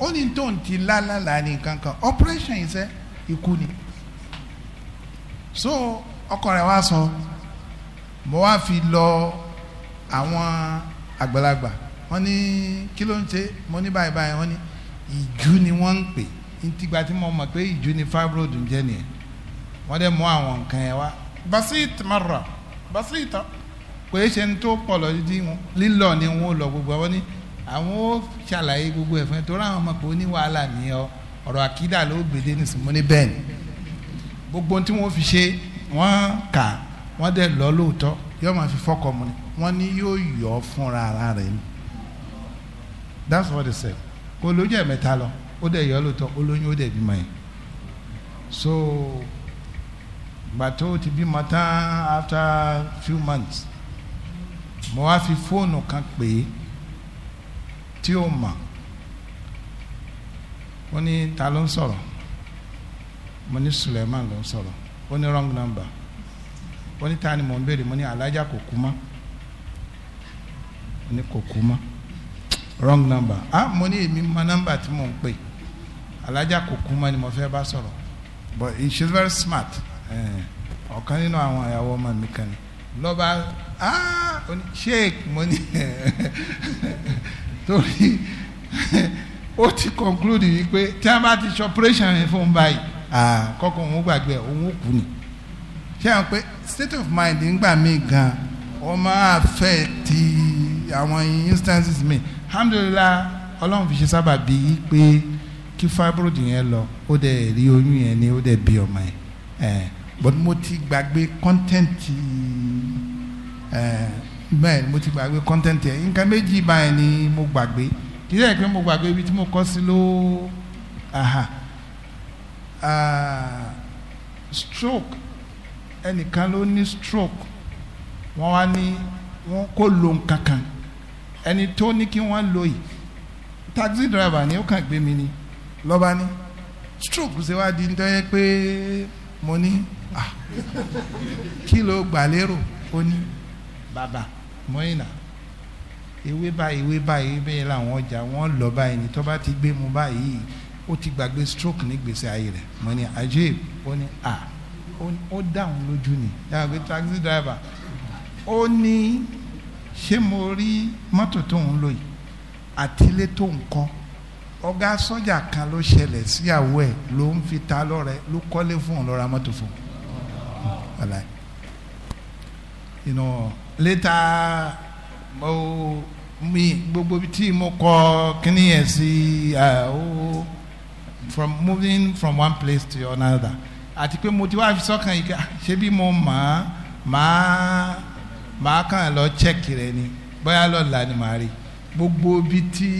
ó ní tóun ti lálàlà ní kankan operation yìí sẹ́ ikú ni so ọkọ rẹ̀ wá sọ mo wá fi lọ àwọn àgbàlagbà wọ́n ní kí ló ń ṣe mo ní báyìí báyìí wọ́n ní ìjú ni wọ́n ń pè ntígba tí mo mọ̀ pé ìjú ni fibroid ń jẹ́ nìyẹn wọ́n dẹ̀ mú àwọn nǹkan yẹn wá basit mara basita kò é ṣe ní tó pọ̀ lọ lílọ ni wọ́n lọ gbogbo àwọn ní àwọn ó ṣàlàyé gbogbo ẹ̀ fún ẹ torí àwọn ọmọ pé ó ní wàhálà ní ọ ọ̀rọ̀ àkídà ló gbèdé nísìnyí mo ní bẹ́ẹ̀ ni gbogbo tí wọ́n fi ṣe wọ́n kà wọ́n dẹ̀ lọ lóòótọ́ yóò wọ́n ní yóò yọ ọ́ fúnra ara rẹ̀ ni that's what they said kò lójú ẹ̀ mẹ́ta lọ ó dẹ̀ yọ ọ́ lóòótọ́ olóyún ó dẹ̀ bímọ yẹn so gbàtó ti bímọ tán after few months mo wá fi fóònù kan pè é tí ó mọ̀ ó ní ta ló ń sọ̀rọ̀ mo ní Suleiman ló ń sọ̀rọ̀ ó ní wrong number ó ní ta ni mò ń béèrè mo ní alájà kò kú mọ́ ní kòkó mọ́ wrong number ah mo ní èmi mọ nọ́mbà tí mò ń pè alájà kòkó mọ́ ni mo fẹ́ bá sọ̀rọ̀ but she is very smart eh, ọ̀kan nínú àwọn ìyàwó ọmọ mi kan ni lọ́ba ah sheik mo ní torí ó ti conclude wípé tí wọ́n bá ti ṣe operation yẹn fún un báyìí kọ́kọ́ òun gbàgbé òun ò kú ni ṣé àwọn pé state of mind ń gbà mí gan ọmọ àfẹ́ ti àwọn instances mi alhamdulilah ọlọ́run fi ṣe sábà bí i pé kí fibroid yẹn lọ ó dẹ̀ rí oyún yẹn ni ó dẹ̀ bí ọmọ yẹn but mo ti gbàgbé content bẹ́ẹ̀ mo ti gbàgbé content yẹn nǹkan méjì báyẹn ni mo gbàgbé kì í ṣe pé mo gbàgbé ibi tí mo kọ́ sí ló aha stroke ẹnìkan ló ní stroke wọ́n wá ní wọ́n kò lo nǹkan kan. kan ẹni tó ní kí wọ́n lo yìí taxi driver ni ó kàn gbé mi ni lọ́ba ní stroke ṣe wá di ń tọ́yẹ pé mo ní kí ló gbà lérò ó ní bàbá mọ́yìnà ewé báyìí ewé báyìí ewé báyìí làwọn ọjà wọn lọ báyìí ni tó bá ti gbé mu báyìí ó ti gbàgbé stroke ní gbèsè ayé rẹ̀ mo ní ajib ó ní a ó dáhùn lójú ni yàrá pé taxi driver ó ní ṣé mo rí mọ́tò tó ń lò yìí àtìlé tó ń kọ́ ọ̀gá sọ́jà kan ló ṣẹlẹ̀ síyàwó ẹ̀ ló ń fi ta lọ́rẹ̀ ló kọ́lé fún un lọ́ra mọ́tò fún un. you know later mo mi gbogbo tí mo kọ kíní yẹn sí uh, from moving from one place to another àti pé mo ti wá fi sọ́kàn yìí ká ṣé bí mo mọ̀ ọ́ máa màá kàn lọ chẹ́kì rẹ ni bóyá lọ́la ni màá rí gbogbo ibi tí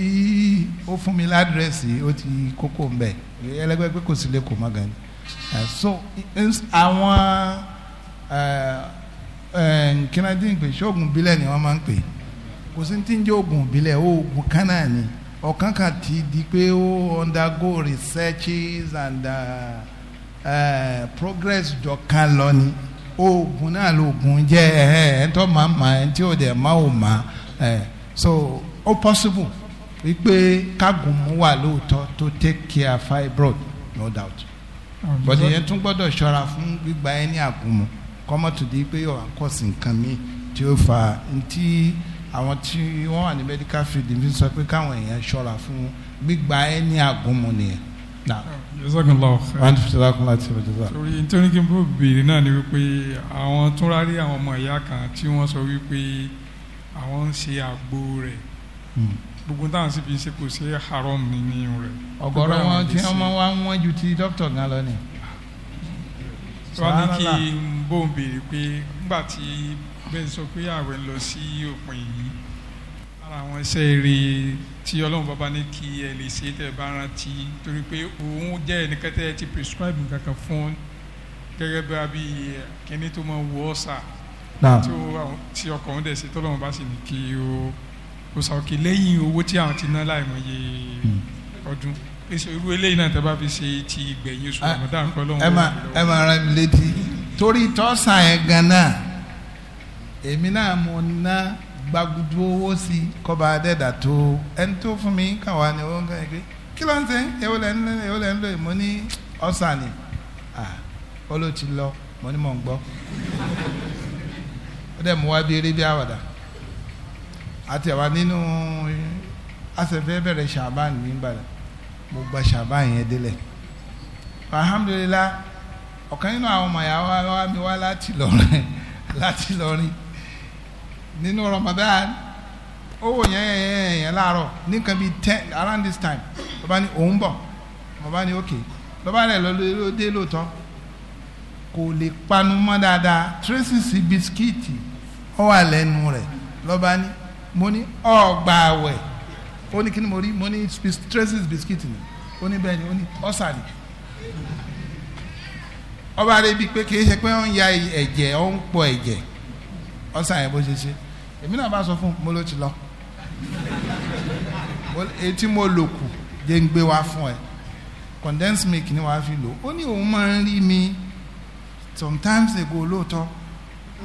ó fún mi ládírẹ́sì ó ti kókó ń bẹ̀ ẹlẹ́gbẹ́ pé kò sí lẹ́kọ̀ọ́ má gan ni ah, so àwọn nkínadí eh, eh, ń pè ṣóògùn ìbílẹ̀ ni wọ́n máa ń pè kò sí ti ń jẹ́ oògùn ìbílẹ̀ oògùn kan náà ni ọ̀kan kan ti di pé ó undergo researches and uh, uh, progress jọ kan lọ ni oògùn náà lóògùn jẹ́ ẹ̀ ẹ̀ tó máa ma ẹ̀ tí ò dẹ̀ má ò má ẹ̀ so ó possible wípé kágun mú wà lóòótọ́ tó take care fibroid no doubt but ìyẹn tún gbọ́dọ̀ ṣọ́ra fún gbígba ẹ ní àgùnmu kọ́mọ́tò di pé yóò àkọ́sí nǹkan mi tí ó fa ntí àwọn tí wọ́n wà ní medical field ń sọ pé káwọn èèyàn ṣọ́ra fún gbígba ẹ ní àgùnmu nìyẹn torí nítorí kí n bó béèrè náà ni wípé àwọn túnra rí àwọn ọmọ ìyá kan tí wọ́n sọ wípé àwọn ń ṣe àgbo rẹ̀ hmm. gbogbo táwọn sì fi ṣe kò ṣe haram nínú rẹ̀. ọ̀gọ̀rọ̀ wọn tí wọ́n wá wọ́n ju ti dókítà gan lọ ni. wọ́n ní kí n bó béèrè pé nígbà tí bẹ́ẹ̀ sọ pé ààwẹ̀ ń lọ sí òpin yìí ara àwọn iṣẹ́ rèé tí ọlọ́run bàbá ní kí ẹ lè ṣe tẹ́ ẹ bá rántí torí pé òun jẹ́ ẹnìkan tẹ́ ẹ ti prescribe nǹkan kan fún gẹ́gẹ́ bá bí kíní tó máa wọ ọ́ sà tí ọkọ̀ ọ̀hún dẹ̀ ṣe tọ́lọ́run bá sì ní kí o kò sàkè lẹ́yìn owó tí àwọn ti ná láìmọye hmm. ọdún pèsè irú eléyìí náà tẹ́ bá fi ṣe ti ìgbẹ̀yìn oṣù ah, Ramadan kọ́ lọ́wọ́ ẹ máa rán mi létí torí tọ́sàn ẹ̀ gan náà èmi náà mo ná gbagudu owó sí kọba adẹ́dà tó ẹni tó fún mi kàn wá ní owó nǹkan ẹgbẹ́ kí ń sẹ́ èwo lẹ́ ń lò èwo lẹ́ ń lò mo ní ọ̀sán ni ó ló ti lọ mo ní mò ń gbọ́ ó dẹ̀ mú wá bí eré bí àwàdà àti àwa nínú asẹ̀fẹ́ bẹ̀rẹ̀ ṣàbán ní ìbàdàn mo gba ṣàbán yẹn délẹ̀ alhamdulilah ọ̀kan nínú àwọn ọmọ ìyá wa mi wá láti lọ́rin láti lọ́rin nínú Ramadan owó yẹn yẹn yẹn láàárọ̀ nìkan bíi ten around this time bàbá ní òun bọ̀ bàbá ní òkè bàbá rẹ̀ lọ dé lóòótọ́ kò lè panu mọ́ dáadáa traces bisikíìtì ó wà lẹ́nu rẹ̀ lọ́ba ní mo ní ọgbà àwẹ̀ ó ní kí ni mo rí mo ní traces bisikíìtì ni ó ní bẹ́ẹ̀ ni ó ní ọ̀sàlì ọba rẹ̀ bíi pé kì í ṣe pé ó ń ya ẹ̀jẹ̀ ó ń pọ̀ ẹ̀jẹ̀ ọ̀sàlì bó ṣe ṣe èmi náà bá sọ fún mo ló ti lọ etí mo lò kù jẹ́ ń gbé wá fún ẹ condensed milk ni wàá fi lò ó ní òun máa ń rí mi sometimes ago lóòótọ́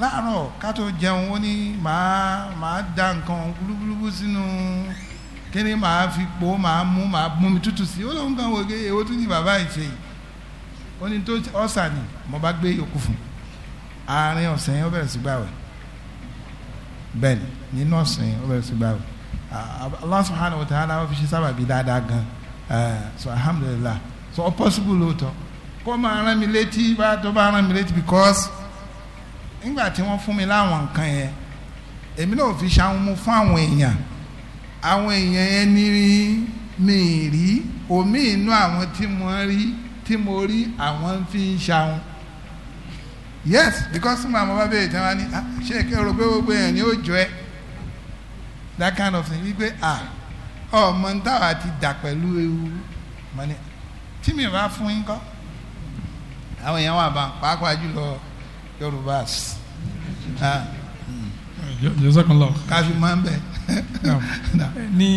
láàárọ̀ ká tó jẹun ó ní màá màá da nǹkan gbúlúgbúlú sínú kíni màá fi po màá mú màá mú mi tútù sí ó lóun kan wò ó èwo tún ní bàbá ìṣe yìí ó ní tó ọ̀sà ni mo bá gbé yòókù fún àárín ọ̀sẹ̀ yẹn ó bẹ̀rẹ̀ sí gbàwẹ̀ bẹ́ẹ̀ni nínú ọ̀sìn ọlọ́sìn báwo ah, Allah subhanahu wa ta'ala wọ́n fi ṣe sábàbí dáadáa gan eh, so alhamdulillah so ọ possible lóòótọ́ kó máa rán mi létí bá tó bá rán mi létí because nígbà tí wọ́n fún mi láwọn nǹkan yẹn èmi náà fi ṣàwọn mu fún àwọn èèyàn àwọn èèyàn yẹn ní mi rí omi inú àwọn tí mo rí tí mo rí àwọn fi ń ṣàwọn yes because mo àmọ́ bá bẹ̀rẹ̀ tí wọ́n ní ah, ṣé kí ọ̀rọ̀ pé gbogbo èèyàn ni ó jọ ẹ́ that kind of thing wípé ah ọmọ ń táwa ti dà pẹ̀lú ewu mọ́ni tí mi bá fún yín kọ́ àwọn èèyàn wà bá pàápàá jùlọ Yorùbá ah, hmm. jọ́sọ́kànlọ́ káfí máa ń bẹ̀. ní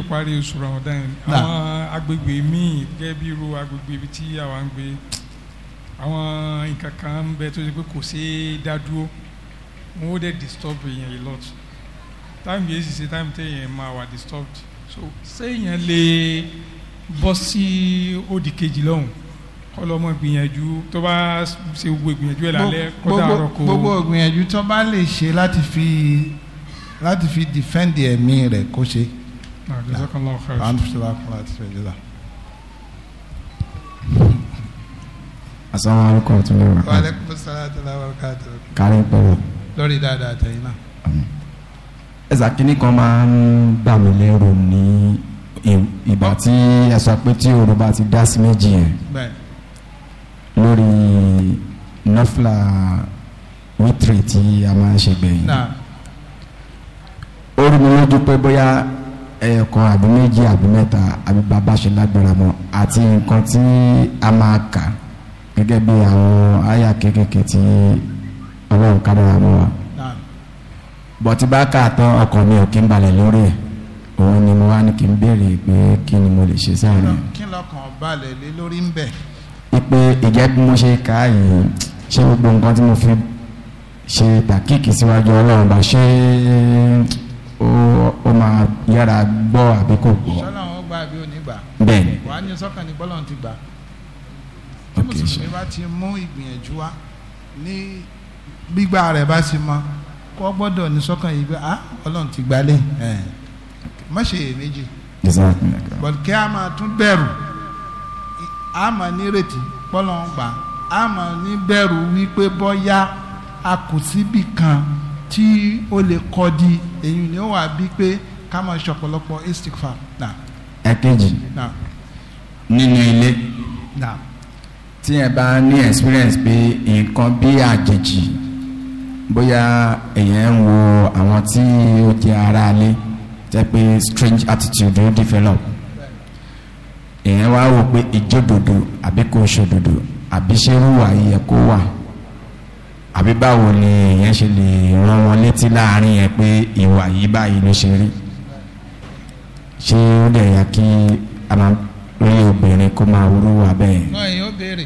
ìparí oṣù Ramadan àwọn agbègbè míì gẹ́gẹ́ bí agbègbè tí àwa ń gbé àwọn nǹkan kan ń bẹ tó ṣe pé kò ṣe é dá dúró wọn ó dẹ̀ disturb èèyàn a lot táìmù yìí sì ṣe táìmù téèyàn máa wà disturbed so séèyàn lè bọ́ sí òdì kejì lọ́hùn kọlọmọ gbìyànjú tó bá ṣe gbogbo ìgbìyànjú ẹ lálẹ́ kọjá ọ̀rọ̀ kò. gbogbo ìgbìyànjú tó bá lè ṣe láti fi láti fi defend ẹ̀mí rẹ̀ kó ṣe. Jazakallahu khairan asalaamu alaykum wa rahmatulahi wa barakatuh. wa aleykum salaam wa rahmatulahi. kárí pẹ̀lú. lórí dáadáa tẹ̀yìn náà. ẹ̀sà kínní kan máa ń bà mí lẹ́rù ní ìgbà tí ẹ sọ pé tí òru bá ti dá sí méjì yẹn lórí àbí méjì àbí mẹ́ta àbí bàbá lágbára mọ́ àti nǹkan tí a máa kà gẹ́gẹ́ bí àwọn àyà kéékèèké tí ọlọ́run kádàrá mọ́ wa bọ́tí bá káàtọ́ ọkọ̀ mi ò kí ń balẹ̀ lórí ẹ̀ òun ni mo wá ní kí n béèrè pé kí ni mo lè ṣe sáré. kí lọkàn balẹ̀ lé lórí ń bẹ̀. ipe ìjẹ́ bí mo ṣe ká yìí ṣé gbogbo nǹkan tí mo fi ṣe tàkìkì síwájú ọlọ́run bá ṣe ó máa yára gbọ́ àbí kò gbọ́. sọ́lá wọn gbà àbí ò gbà. bẹ́ẹ̀ ni wàá ní sọ́kàn ní bọ́lọ̀ ti gbà tí mùsùlùmí bá ti mú ìgbìyànjú wa ní gbígbà rẹ̀ bá ti mọ kó gbọ́dọ̀ ní sọ́kàn yìí pé ah ọlọ́run ti gbalẹ̀ má ṣe èméjì bọ̀dù kí a máa tún bẹ̀rù a máa nírètí pọ́lọ́ ń gbà a máa ní bẹ̀rù wípé bọ́yá a kò síbì kan tí ó lè kọ́ di èyí ni ó wà bí pé ká máa ṣe istikfa. ẹ̀kejì nínú ilé tí ẹ bá ní experience pé nǹkan bí àjèjì bóyá èèyàn ń wo àwọn tí ó jẹ́ ara lé pé strange attitude ó develop èèyàn wá wò pé ìjódodo àbí kò ṣòdodo àbí ṣé wùwà yẹ kó wà àbí báwo ni èèyàn ṣe lè rán wọn létí láàrin yẹn pé ìwà yìí báyìí ló ṣe rí ṣé ó dẹ̀ yà kí a máa pé obìnrin kó máa wúlúwà bẹ́ẹ̀. náà yóò béèrè.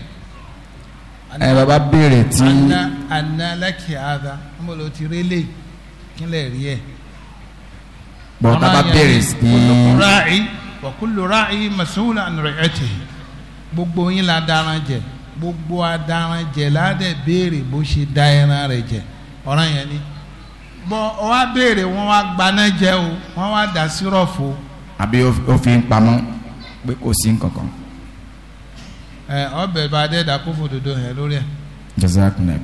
ẹ bàbá béèrè tí. àná àná lẹ́kì àdá mo lò ti rélé kílẹ̀ rí ẹ̀. bọ̀ tábà béèrè sí. wa kullu ra'i mas'ulun an ra'atihi gbogbo yín la dáran jẹ gbogbo adaran jẹ ládẹ béèrè bó ṣe da ẹran rẹ jẹ ọ̀ràn yẹn ni bọ ọ béèrè wọn wá gbaná jẹ o wọn wá dà sírọ̀fù. àbí ó fi ń pamọ́ pé kò sí nkankan. ẹ ọbẹ̀ bá dé dàkú fòdodo yẹn lórí ẹ. jazakumullah.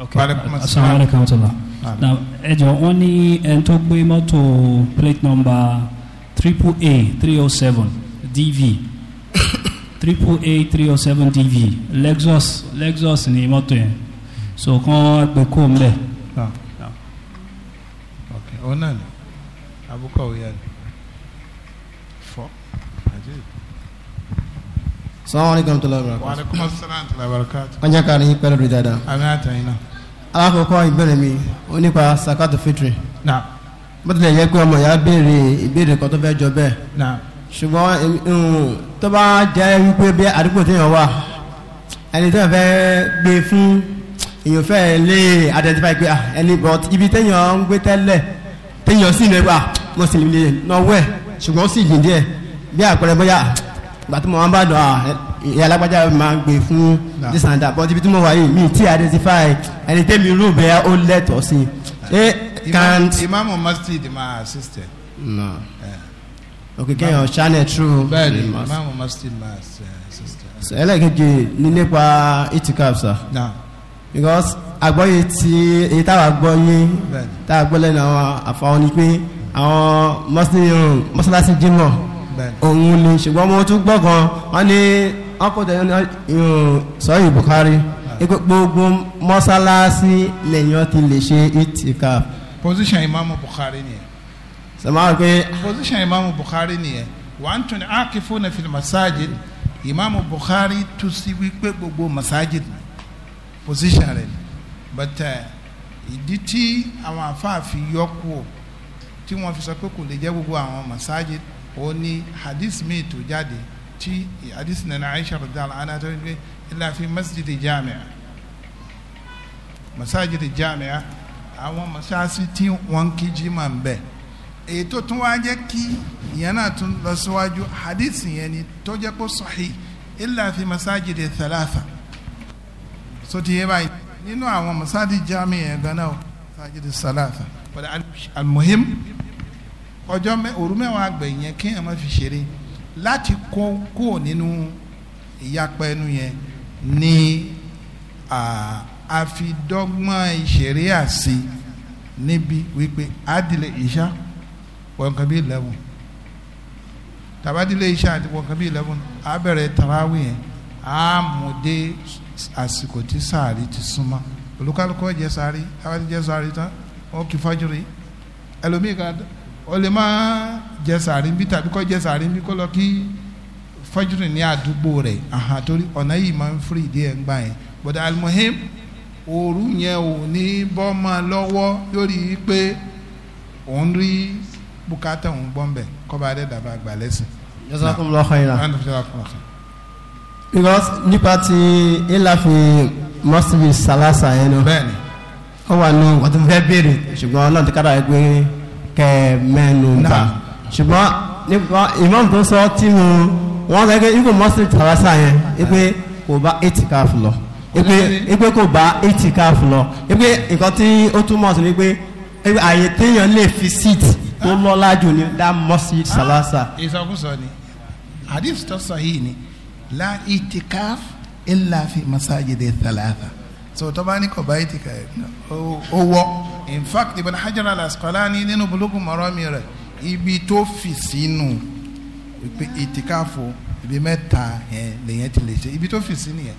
okay asalaamualeykum tula na ẹjọ wọn ní ẹni tó gbé mọ́tò plate number triple a three oh seven dv triple a three oh seven dv lexus lexus ni mọ́tò yẹn so kàn gbé kó mbẹ ọ̀nà ni abúkọ̀ òyà ni fọ́ àti. sọ́wọ́n ní kọ́ńtò lọ́wọ́ rẹ̀. wàhálà kọ́mọ sọ́nà àti làbàrúkà. wọ́n jẹ́ ká ní pẹ́lú rí dáadáa. àmì àtàyìn náà. alákọ̀ọ́kọ́ ìbéèrè mi ó nípa sakato fitri. Na, bó tilẹ̀ yẹ pé ọmọ ìyá béèrè ìbéèrè kan tó fẹ́ jọ bẹ́ẹ̀. náà. ṣùgbọ́n tó bá jẹ́ wípé bí àdúgbò téèyàn wà ẹni tó fẹ́ gbé fún èèyàn fẹ́ lè identify pé ah, ẹni but ibi téèyàn ń gbé tẹ́lẹ̀ téèyàn sì lè wà mo sì lè nọwọ́ ẹ̀ ṣùgbọ́n sì yìn díẹ̀ bí àpẹẹrẹ bóyá ìgbà tí mo wọn bá dọ̀ ìyá alágbájá máa gbé fún dísàndà bọ́n tíbi tí mo wà yìí mi ti identify ẹni tẹ́mi rú bẹ́ẹ̀ ó lẹ́tọ̀ọ́ sí i. ìmáàmù masjid máa assist ẹ. Eh. ok kẹ́yàn channel through. bẹ́ẹ̀ni ìmáàmù masjid máa assist ẹ. ẹlẹ́kejì ní nípa itikaf sir. because àgbọ́yé tí èyí táwa gbọ́ yé táwa gbọ́ lẹ́nu àwọn àfàwọn ni pé àwọn mọ́sálásí jímọ̀ òun ni ṣùgbọ́n mo tún gbọ́ kan wọ́n ní ọkọ̀tẹ̀ sọ́yìn Bukhari ah. gbogbo mọ́sálásí lẹ́yìn ti lè ṣe itikaf. position imaamu Bukhari nìyẹn. sọmọ pé. Ah. position imaamu Bukhari nìyẹn wà á tún ní akifu na fil masajid imaamu Bukhari tún sí wípé gbogbo masajid position rẹ ni but uh, ìdí tí àwọn afáàfin yọ kú ọ tí wọ́n fi sọ pé kò lè jẹ́ gbogbo àwọn masajid ó ní hadith míì tó jáde tí hadith nana Aisha radhiyallahu anha tó ní illa fi masjid jami'a masajid jami'a àwọn masasi tí wọ́n kí jí máa ń bẹ̀ èyí tó tún wá jẹ́ kí ìyẹn náà tún lọ síwájú hadith yẹn ni tó jẹ́ kó sahih illa fi masajid thalatha so ti yé báyìí nínú àwọn masadi jami yẹn gánà o sajidi salata pẹ̀lú almuhim ọjọ́ òru mẹ́wàá gbẹ̀yìn yẹn kéèyàn má fi ṣeré láti kó kó nínú ìyapa ẹnu yẹn ní àfidọ́gbọ́n ìṣeré àṣì níbi wípé adìlẹ̀ ìṣá wọ́n kan bí eleven tàbádìlẹ̀ ìṣá àti wọ́n kan abẹ́rẹ́ tarawih yẹn àmúdé àsìkò tí sàárì ti súnmọ́ olúkálùkù ọ̀jẹ̀ sàárì àwọn ti jẹ́ sàárì tán wọ́n kì í fọ́júrì ẹlòmíì kan ó lè má jẹ sàárì bí tàbí kọ́ jẹ sàárì bí kó lọ kí fọ́júrì ní àdúgbò rẹ̀ àhàn torí ọ̀nà yìí máa ń firi ìdí ẹ̀ ń gbà yẹn bọ̀dà almuhim òru yẹn ò ní bọ́ máa lọ́wọ́ lórí pé òun rí bùkátà òun gbọ́n bẹ̀ kọ́ bá dàbà gbà lẹ́sìn. jazakumullahu khairan because nípa ti ìlàfin mọ́sibí sàlásà yẹn nù. bẹ́ẹ̀ni. ó wà nù wọ́n ti fẹ́ béèrè ṣùgbọ́n ọlọ́run ti kára ẹ pé kẹ mẹ́nu bá. ṣùgbọ́n nípa ìmọ̀ tó sọ tí mo wọ́n sọ pé ikú mọ́sibí sàlásà yẹn ipe kò bá itikaf lọ ipe ipe kò bá itikaf lọ ipe nǹkan tí ó túmọ̀ sí ni pé àyè téèyàn lè fi síìtì tó lọ́lá jù ní dá mọ́sibí Salasa. ìsọkúsọ ni hadith tó sọ yìí ni la itikaf illa fi masajidi thalatha so tọ́ba ní kọ̀ọ̀bá itika ó wọ́ in fact ibn hajar al-asqalani nínú bulugu marami rẹ̀ ibi tó fi sínú pé itikafu ibi mẹ́ta yẹn lèyẹn ti lè ṣe ibi tó fi sí nìyẹn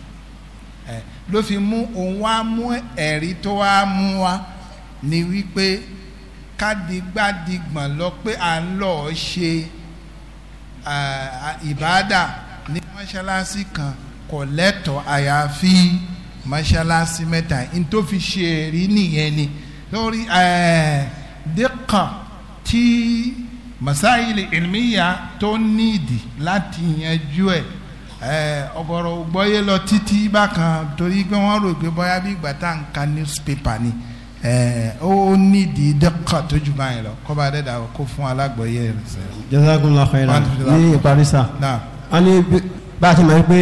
ló fi mú òun wá mú ẹ̀rí tó wá mú wá ni wípé kádìgbàdìgbọ̀n lọ pé à ń lọ́ọ́ ṣe ìbáàdà. Uh, mọ́ṣáláṣí kan kò lẹ́tọ̀ọ́ àyàfi mọ́ṣáláṣí mẹ́ta n tó fi ṣe èrí nìyẹn ni lórí dẹ́kà tí masáyìlì ìlmíyà tó nídìí láti yanjú ẹ̀ ọ̀gọ̀rọ̀ gbọ́yé lọ títí bákan torí pé wọ́n rò pé bóyá bí ìgbà tá à ń ka newspaper ni ó nídìí dẹ́kà tó jù báyìí lọ kọ́ba dẹ́dà kó fún alágbọ̀yé rẹ̀ sẹ́yìn. jazakumullahu khairan ní ìparí sá. a bá a ti mọ̀ pé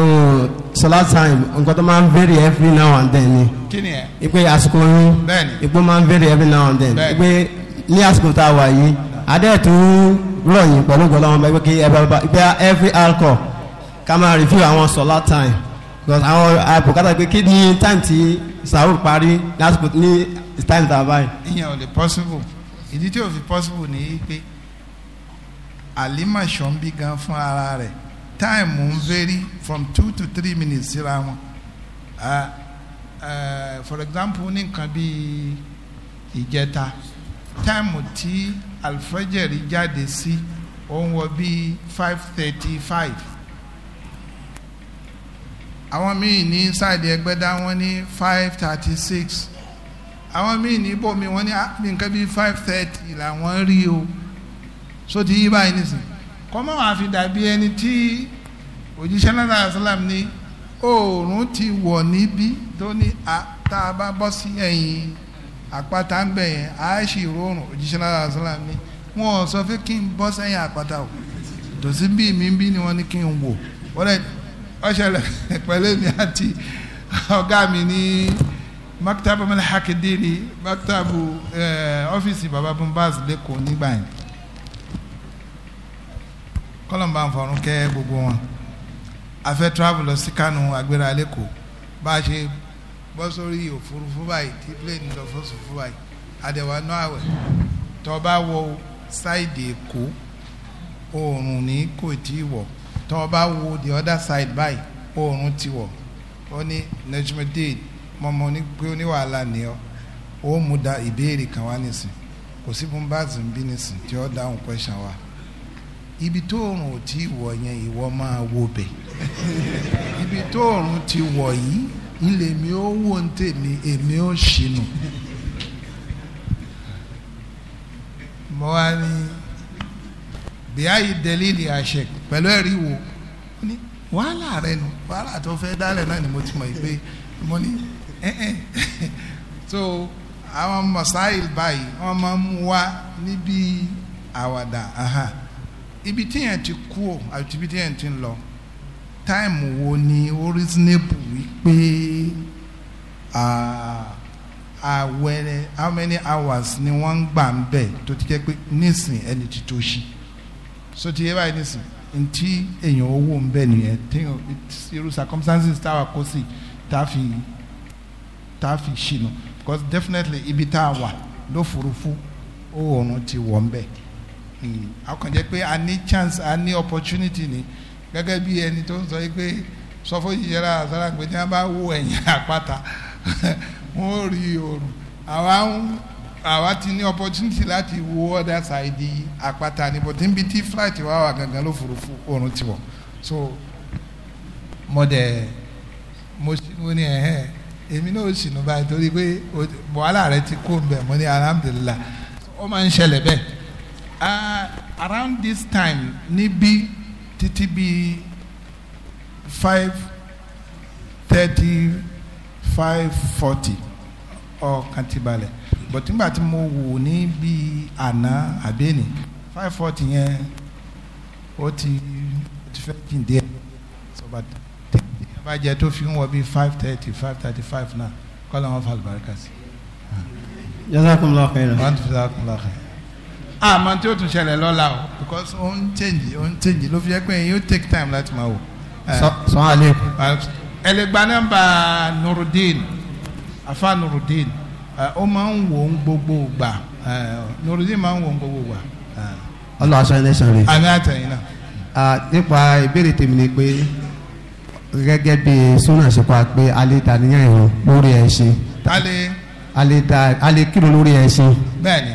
um, solar time nǹkan tó máa ń vary every now and then ni. kí ni ẹ. ipe àsìkò oyún. bẹ́ẹ̀ni. ipe máa ń vary every now and then. bẹ́ẹ̀ni. ipe ní àsìkò tá a wà yìí adẹ́ẹ̀tú rọ̀yìn pẹ̀lú gbọ́dọ̀ àwọn ọmọ ẹgbẹ́ kí ẹ bá ipe every alcohol ká máa review àwọn solar time because àwọn àbùkátà pé kí ni time tí sahur parí lásìkò ní time tá a báyìí. ìyẹn ò lè possible ìdí tí ò fi possible ni pé àlìmọ̀ṣọ́ ń bí gan fún ara rẹ̀ time ń vary from two to three minutes síra wọn uh, uh, for example ní nǹkan bíi ìjẹta time tí alfajiri jáde sí ó ń wọ bíi five thirty five àwọn míì ní sáàdì ẹgbẹ́dá wọ́n ní five thirty six àwọn míì ní bòmí wọ́n ní ah, nǹkan bíi five thirty làwọn rí o sóti yí báyìí nísìnyí kọ́mọ́ wàá fi dàbí ẹni tí òjíṣẹ́ náà sàlám ní oòrùn ti wọ̀ níbí tó ní tá a bá bọ́ sí ẹ̀yìn àpáta ń bẹ̀ yẹn á sì rọrùn òjíṣẹ́ náà sàlám ní wọn ò sọ pé kí n bọ́ sẹ́yìn àpáta o tòsí bí mi bí ni wọ́n ní kí n wò wọ́n lẹ́ ọ̀ṣẹ̀lẹ̀ pẹ̀lú mi àti ọ̀gá mi ní maktabu malhakidini eh, maktabu ọ́fíìsì baba bumbaz lẹ́kọ̀ọ́ nígbà yẹn kọ́lọ́n bá ń fọ̀run kẹ́ gbogbo wọn a fẹ́ travel lọ sí Kánò bá a ṣe bọ́ sórí òfurufú báyìí tí plane lọ fọ́sùfú báyìí àdẹ̀wà náà àwẹ̀ tó bá wọ ṣáìdì Èkó oòrùn ní kò tí ì wọ̀ tó wọ the other side báyìí oòrùn ti wọ̀ ó ní nejmedin mọ́mọ́ ní pé ó ní wàhálà ní ọ ó mú da ìbéèrè kan wá nísìn kò sí fún báàsì ń bí nísìn tí ó dáhùn question wa ibi tó òrùn ò tí wọ̀ yẹn ìwọ máa wo bẹ̀ ibi tó òrùn ti wọ̀ yìí ilé mi ó wò ń tèmi èmi ó ṣìnà mo wá ní bíáyì dẹ́lílì àṣẹ pẹ̀lú ẹ̀rí wo ní wàhálà rẹ nu wàhálà tó fẹ́ dálẹ̀ náà ni mo ti mọ̀ yìí pé mo ní so àwọn masail báyìí wọ́n máa ń wá níbi àwàdà. Uh -huh ibi tí yẹn ti kú o àti ibi tí yẹn ti ń lọ táìmù wo ni ó reasonable wípé àwẹ̀rẹ̀ how many hours ni wọ́n ń gbà ń bẹ̀ tó ti jẹ́ pé nísìn ẹni ti tó ṣí so ti yẹ báyìí nísìn ntí èèyàn owó ń bẹ̀ nìyẹn téèyàn irú circumstances táwa kó sí tá a ṣìnà because definitely ibi tá a wà lófurufú oòrùn ti wọ̀ ń bẹ̀. Hmm. akànjẹ́ pé a ní chance a ní opportunity ni gẹ́gẹ́ bí ẹni tó ń sọ pé sọfọ́ ìjẹ́ra àsára pé bá wo ẹ̀yìn àpáta wọ́n rí oòrùn àwa ti ní opportunity láti wo other side àpáta ni tí tí flight wa wà gangan ló oòrùn so mo dẹ̀ mo mo ní ẹ̀hẹ́ èmi náà báyìí torí pé wàhálà rẹ ti kó ń bẹ̀ mo ní ó máa ń uh, around this time níbi títí bí five thirty five forty ọkàn ti balẹ̀ but nígbà tí mo wò ní bí àná àbẹ́ni five forty yẹn ó ti ti fẹ́ jìn díẹ̀ sọba tẹ́lẹ̀ abájẹ tó fi ń wọ bí five thirty five thirty five náà kọ́lá wọn fa àlùbáríkà sí. jazakumullahu khairan. wọ́n ti fi jazakumullahu khairan àmọ́ ah, tí ó tún ṣẹlẹ̀ lọ́la o. because ó ń change ó ń change ló fi jẹ́ pé yóò take time láti máa wò. Eh, sàn án ah, lè. ẹlẹgba nọ́mbà nurudeen afa nurudeen eh, ó máa ń wò ń gbogbo gbà eh, nurudeen máa ń wò ń gbogbo gbà. ọlọ́wọ́ aṣọ ẹlẹ́sàn rẹ̀. àmì àtẹ̀yìn náà. Ah, nípa ìbéèrè tèmi ni pé gẹ́gẹ́ bí súnà ṣe pa pé a lè ta níyàn ìrùn lórí ẹ̀ ṣe. a lè. a lè ta a lè kírun lórí ẹ̀ ṣe. bẹ́ẹ̀ ni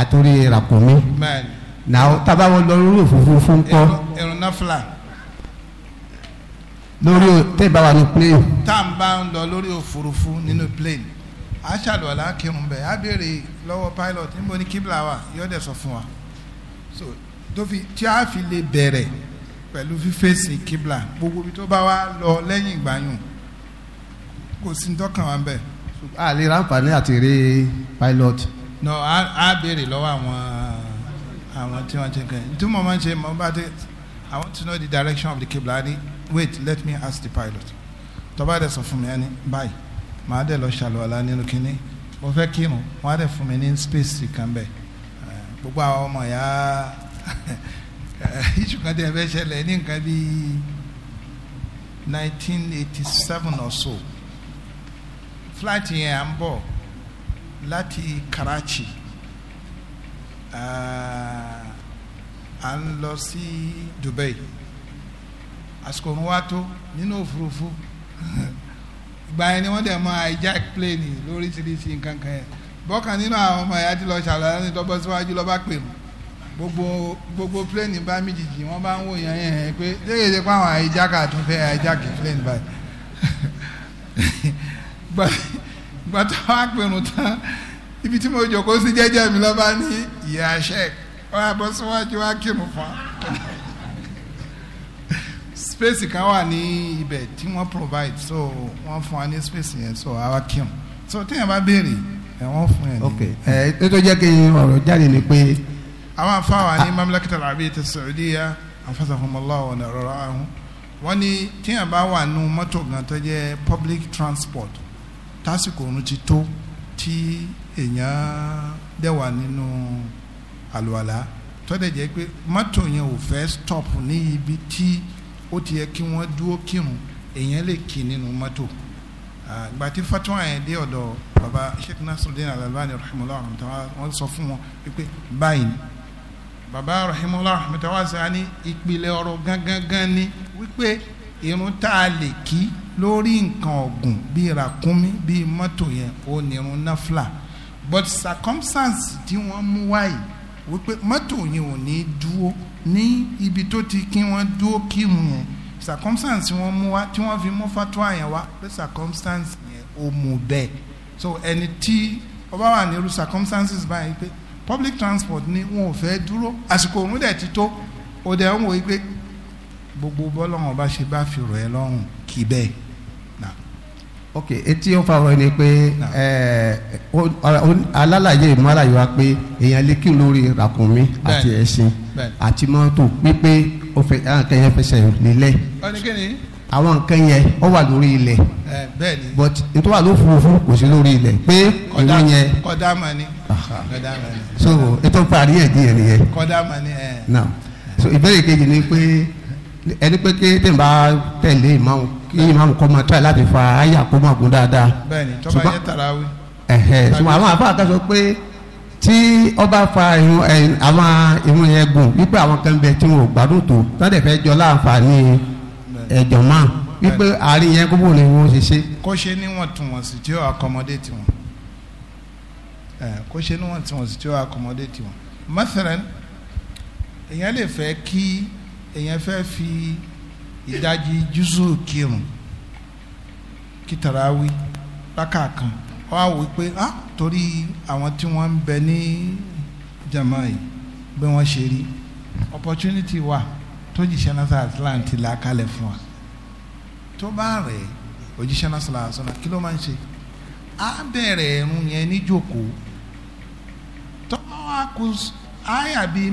àtúrí rakumi. náà tábàwọ lọ lórí òfurufú fún kọ. ẹrùn náà fìlà. lórí tẹ́ẹ̀bá wa ní plane. tá à ń lọ lórí òfurufú nínú plane a kírun bẹ́ẹ̀ á béèrè lọ́wọ́ pilot níbo ni kíbla wà yóò sọ fún wa so tó fi tí a fi lè bẹ̀rẹ̀ pẹ̀lú fífèsì kíbla gbogbo ibi tó bá wa lọ lẹ́yìn ìgbàyùn kò sí ní tọ́kàn wa ń bẹ̀. àlè ráǹfààní àti eré pilot no a béèrè lọ́wọ́ àwọn àwọn tí wọ́n ti kàn yín tí mo máa ń ṣe mo bá ti I want to know the direction of the cable ani wait let me ask the pilot tó bá dẹ̀ sọ fún mi ẹni báyìí màá dẹ̀ lọ ṣàlùwàlá nínú kínní mo fẹ́ kírun wọ́n á dẹ̀ fún mi ní space kan bẹ́ẹ̀ eh, gbogbo àwọn ọmọ ya ìṣùkan tí ẹ fẹ́ ṣẹlẹ̀ ní nǹkan bíi nineteen eighty seven or so flight yẹn à ń bọ̀ láti Karachi à ń lọ sí Dubai àsìkò òun wá tó nínú òfurufú ìgbà yẹn ni wọ́n dẹ̀ mọ hijack plane lóríṣiríṣi nǹkan kan yẹn bọ́kàn nínú àwọn ọmọ ìyá ti lọ ṣàlàyé ní tọ́gbọ́n síwájú lọ́ba pè mí gbogbo gbogbo plane bá mi jìjì wọ́n bá ń wò yẹn yẹn pé léyè ṣe pé àwọn hijack àtúnfẹ́ hijack plane báyìí ìgbà tó wá pẹ̀rùn tán ibi tí mo jòkó sí jẹ́jẹ́ mi lọ́ba ní ìyá sheik ó wá bọ́ síwájú wá kírun fún space kan wà ní ibẹ̀ tí wọ́n provide so wọ́n fún wa ní space yẹn so àwa kírun so téèyàn bá béèrè ẹ̀ wọ́n fún ẹ̀ ní. ok ẹ ẹ tó jẹ́ kí ọ̀rọ̀ jáde ni pé. àwọn afáwà ní mamlakit al-arabiya ti saudiya afasahumala ọ̀nà rọra ahun wọ́n ní téèyàn bá wà nù mọ́tò gan tó jẹ́ public transport tásìkò òun ti tó tí èèyàn dẹ̀wà nínú àlùwàlá tọ́dẹ̀ jẹ́ pé mọ́tò yẹn ò fẹ́ stop ní ibi tí ó ti yẹ kí wọ́n dúró kírun èèyàn lè kí nínú mọ́tò ìgbà tí fatwa yẹn dé ọ̀dọ̀ baba sheikh nasiruddin alalbani rahimahullah rahmatulahi wọ́n sọ fún wọn pé báyìí baba rahimahullah rahmatulahi sani ìpìlẹ̀ ọ̀rọ̀ gangan gan ni wípé irun tá a lè kí lórí nǹkan ọ̀gùn bíi ràkúnmí bíi mọ́tò yẹn ó nírun but circumstance tí wọ́n mú wáyé wípé mọ́tò yẹn ò ní dúró ní ibi tó ti kí wọ́n dúró kírun yẹn circumstance wọ́n mú wá tí wọ́n fi mú fatwa yẹn wá pé circumstance yẹn ó mú bẹ́ẹ̀ so ẹni tí ọba wà ní circumstances báyìí pé public transport ni wọn ò fẹ́ dúró àsìkò òun dẹ̀ ti tó ó dẹ̀ ń wò ó pé gbogbo bọ́lọ́hún ṣe bá fi rọ̀ ẹ́ lọ́rùn kì bẹ́ẹ̀ ok etí ó fa ọ̀rọ̀ ni pé alálàyé ìmọ̀láyé wa pé èèyàn lè kí lórí ràkúnmí àti ẹṣin àti mọ́tò pípé nǹkan yẹn fẹsẹ̀ nílẹ̀ àwọn nǹkan yẹn ó wà lórí ilẹ̀ but nítorí wà ló fufu kò sí lórí ilẹ̀ pé ìlú yẹn mani mà ní. so ètò parí ẹ̀ díẹ̀ nìyẹn. kọ́dá mà ní. so ìbéèrè kejì ni pé ẹni pé kí tèmi bá tẹ̀lé ìmáwó kí imam kọ́ máa try láti fa àyà kó máa gùn dáadáa. bẹ́ẹ̀ni tọ́ba yẹ tàràwí. ẹ̀hẹ̀ ṣùgbọ́n àwọn àfa àkàṣọ pé tí ọba fa irun àwọn irun yẹn gùn wípé àwọn kan bẹ tí wọn ò gbádùn tó tọ́dẹ̀ fẹ́ jọ láǹfààní ẹ̀jọ̀ máa wípé àárín yẹn kó bò ní wọn ṣe ṣe. kó ṣe níwọ̀ntúnwọ̀nsì tí ó accommodate wọn kó ṣe níwọ̀ntúnwọ̀nsì tí ó accommodate wọn. mathalan èèyàn lè fẹ́ kí èèyàn fẹ́ fi ìdajì jùzù kírun kí tàràwí rákà kan wọ́n pé ah torí àwọn tí wọ́n ń bẹ ní jama yìí bí wọ́n ṣe rí opportunity wà tó jìṣẹ́ náà sáà atlanti là fún wa tó bá rẹ̀ òjíṣẹ́ náà sọ̀rọ̀ àṣọ náà kí ló máa ń ṣe á bẹ̀rẹ̀ ẹ̀rùn yẹn níjókòó tó wá kú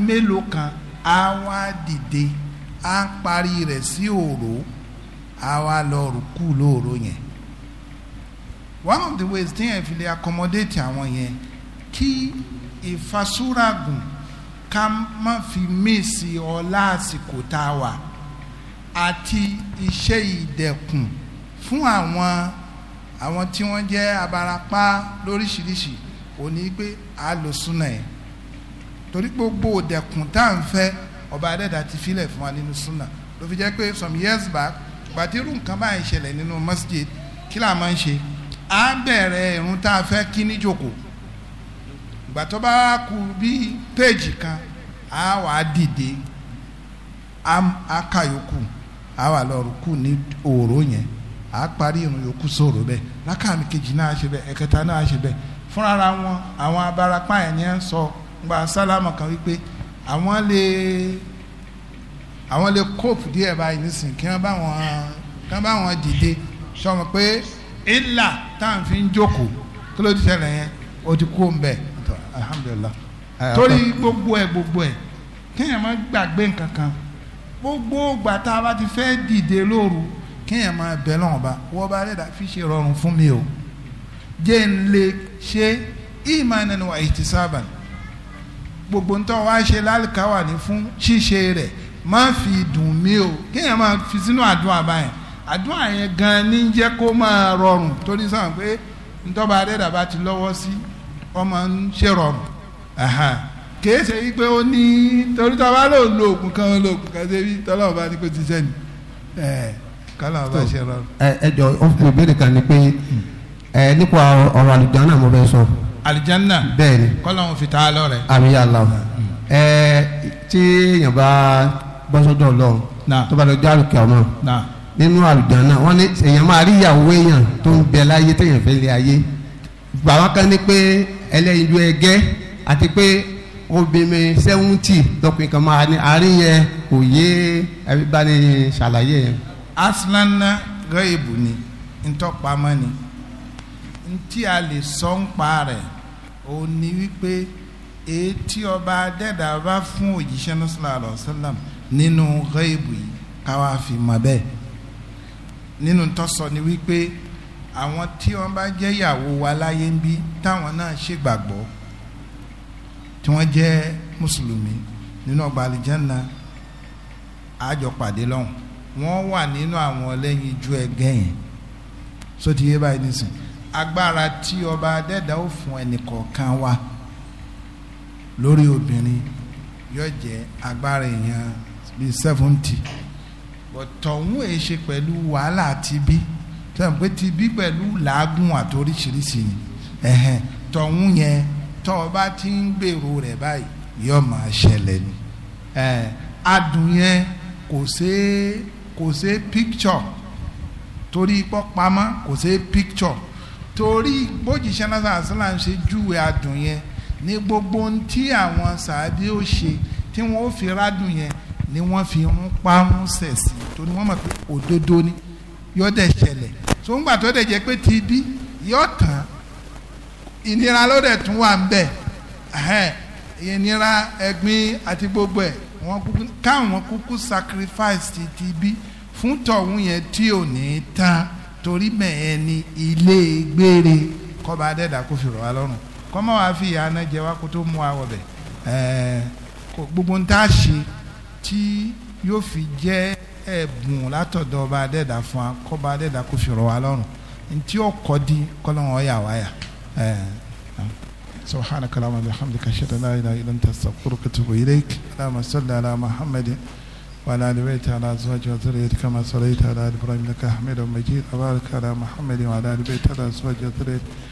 mélòó kan á wá dìde á parí rẹ̀ sí òòró á wá lọ rùkú lóòró yẹn one of the ways tí yẹn fi lè accommodate àwọn yẹn kí ìfasúragùn ká má fi mísì ọlá àsìkò tá a wà àti iṣẹ́ ìdẹ̀kùn fún àwọn àwọn tí wọ́n jẹ́ abarapá lóríṣiríṣi òní pé a lò súnà ẹ̀ torí gbogbo ìdẹ̀kùn tá à ń fẹ́ ọba adẹ́dà ti filẹ̀ fún wa nínú sunna ló fi jẹ́ pé some years back gbàtírù nǹkan báyìí ṣẹlẹ̀ nínú masjid kí là ṣe bẹ̀rẹ̀ irun tá a fẹ́ kí ní jòkó ìgbà tó bá a wà á dìde a kà yòókù a wà ní òòró a parí irun yòókù sòrò bẹ́ẹ̀ lákàmì kejì náà ṣe bẹ́ẹ̀ ẹ̀kẹta náà ṣe bẹ́ẹ̀ fúnra wọn àwọn abarapá yẹn ń sọ gba àwọn lè àwọn lè cope díẹ̀ báyìí nísìnyí kí wọ́n bá wọn kí wọ́n bá wọn dìde sọmọ pé ìlà táwọn fi ń jókòó kí ló ti ṣẹlẹ̀ yẹn o ti kó ń bẹ̀ alhamdulilah torí gbogbo ẹ̀ gbogbo ẹ̀ kéèyàn má gbàgbé nǹkan kan gbogbo ìgbà tá a bá ti fẹ́ dìde lóru kéèyàn máa bẹ̀ lọ́wọ́n ba wọ́n bá rẹ̀ dà fi ṣe rọrùn fún mi o jẹ́ n lè ṣe ìmánẹ́nu wa ìtìsábàn gbogbo ntọ́ wa ṣe lálùkáwà ní fún ṣíṣe rẹ̀ má fi dùn mí o kéèyàn máa fi sínú àdúrà báyẹn àdúrà yẹn gan ní jẹ́ kó máa rọrùn torí sàn pé ntọ́ba adẹ́dàbá ti lọ́wọ́ sí ọmọ ń ṣe rọrùn kìí ṣe wípé ó ní torí tọ́ba ló ń lo oògùn kan lo oògùn kan débi tọ́lọ́wọ́ bá ní kó ti sẹ́ni kọ́lá ọba ṣe rọrùn. ẹ ẹ jọ ọ fún mi ìbéèrè kan ni pé ẹ nípa ọ̀rọ̀ àlùjá náà mo fẹ́ sọ alijanna bẹ́ẹ̀ni kọlọrun fi taa lọrẹ. àmì yà lọ ẹ tí èèyàn bá bọ́sọ́dọ̀ lọ́wọ́ tó bá lọ jẹ́ àlùkẹ́ ọmọ nínú àlùjánnà wọ́n ní èèyàn máa rí ìyàwó èèyàn tó ń bẹ láyé téèyàn fẹ́ lé ayé bàbá kan ní pé ẹlẹ́yin ju ẹgẹ́ àti pé obìnrin sẹ́wúntì lọ́kùnrin kan máa ní àárín yẹn kò yé ẹbí bá ní ṣàlàyé yẹn. aslan gaibu ni ntọ́pamọ́ ni ntí a lè sọ ń pa rẹ̀ òun ni wípé etí ọba adẹ́dà bá fún òjíṣẹ́ náà sallallahu alaihi wasallam nínú ghaibu yìí káwá fi mọ̀ bẹ́ẹ̀ nínú tọ́sọ ni wípé àwọn tí wọ́n bá jẹ́ ìyàwó wa láyé ń bí táwọn náà ṣègbàgbọ́ tí wọ́n jẹ́ mùsùlùmí nínú ọgbà àlìjánná àjọ lọ́hùn wọ́n wà nínú àwọn ọlẹ́yinjú ẹgẹ́ sótìyé báyìí nísìnyí agbára tí ọba adẹ́dá ó fún ẹnìkọ̀ọ̀kan wa lórí obìnrin yóò jẹ́ agbára èèyàn bíi seventy tọ̀hún èé ṣe pẹ̀lú wàhálà àti bí tọ́yìn pé ti bí pẹ̀lú làágùn àti oríṣiríṣi ni ẹ̀hẹ̀n tọ̀hún yẹn tọ́ ọ bá ti ń gbèrò rẹ̀ báyìí yóò máa ṣẹlẹ̀ ni adùn yẹn kò ṣeé kò ṣeé picture torí pọ́ pamọ́ kò ṣeé picture torí bójìṣẹ́ náà sàásìlà ń ṣe júwe adùn yẹn ní gbogbo tí àwọn sàábí ó ṣe tí wọ́n fi rádùn yẹn ni wọ́n fi ń parun sẹ̀sì tó ni wọ́n mọ̀ pé òdodo ni yóò dẹ̀ ṣẹlẹ̀ tó ń gbà tó dẹ̀ jẹ́ pé ti bí yóò tán ìnira ló dẹ̀ tún wà ń bẹ̀ ìnira ẹ̀gbin àti gbogbo ẹ̀ wọ́n kúkú káwọn kúkú sacrifice ti ti bí fún tọ̀hún yẹn tí ò ní tán torí bẹ́ẹ̀ ni ilé gbére kọ́ba adẹ́dà kò fi rọ̀ wá lọ́rùn kọ́mọ wàá fi ìyá náà jẹ wá kó tó mú wa wọ̀ bẹ̀ gbogbo ń tá a ṣe tí yóò fi jẹ́ ẹ̀bùn látọ̀dọ̀ ọba adẹ́dà fún wa kọ́ba adẹ́dà kò fi rọ̀ wá lọ́rùn ntí ó kọ́ di kọ́lọ́wọ́n ọ̀yà wáyà. سبحانك اللهم وبحمدك اشهد ان لا اله الا انت استغفرك واتوب اليك اللهم صل على محمد وعلى آل بيت على أزواج وذريتك كما صليت على آل إبراهيم إنك حميد مجيد وبارك على محمد وعلى آل بيت على أزواج وذريتك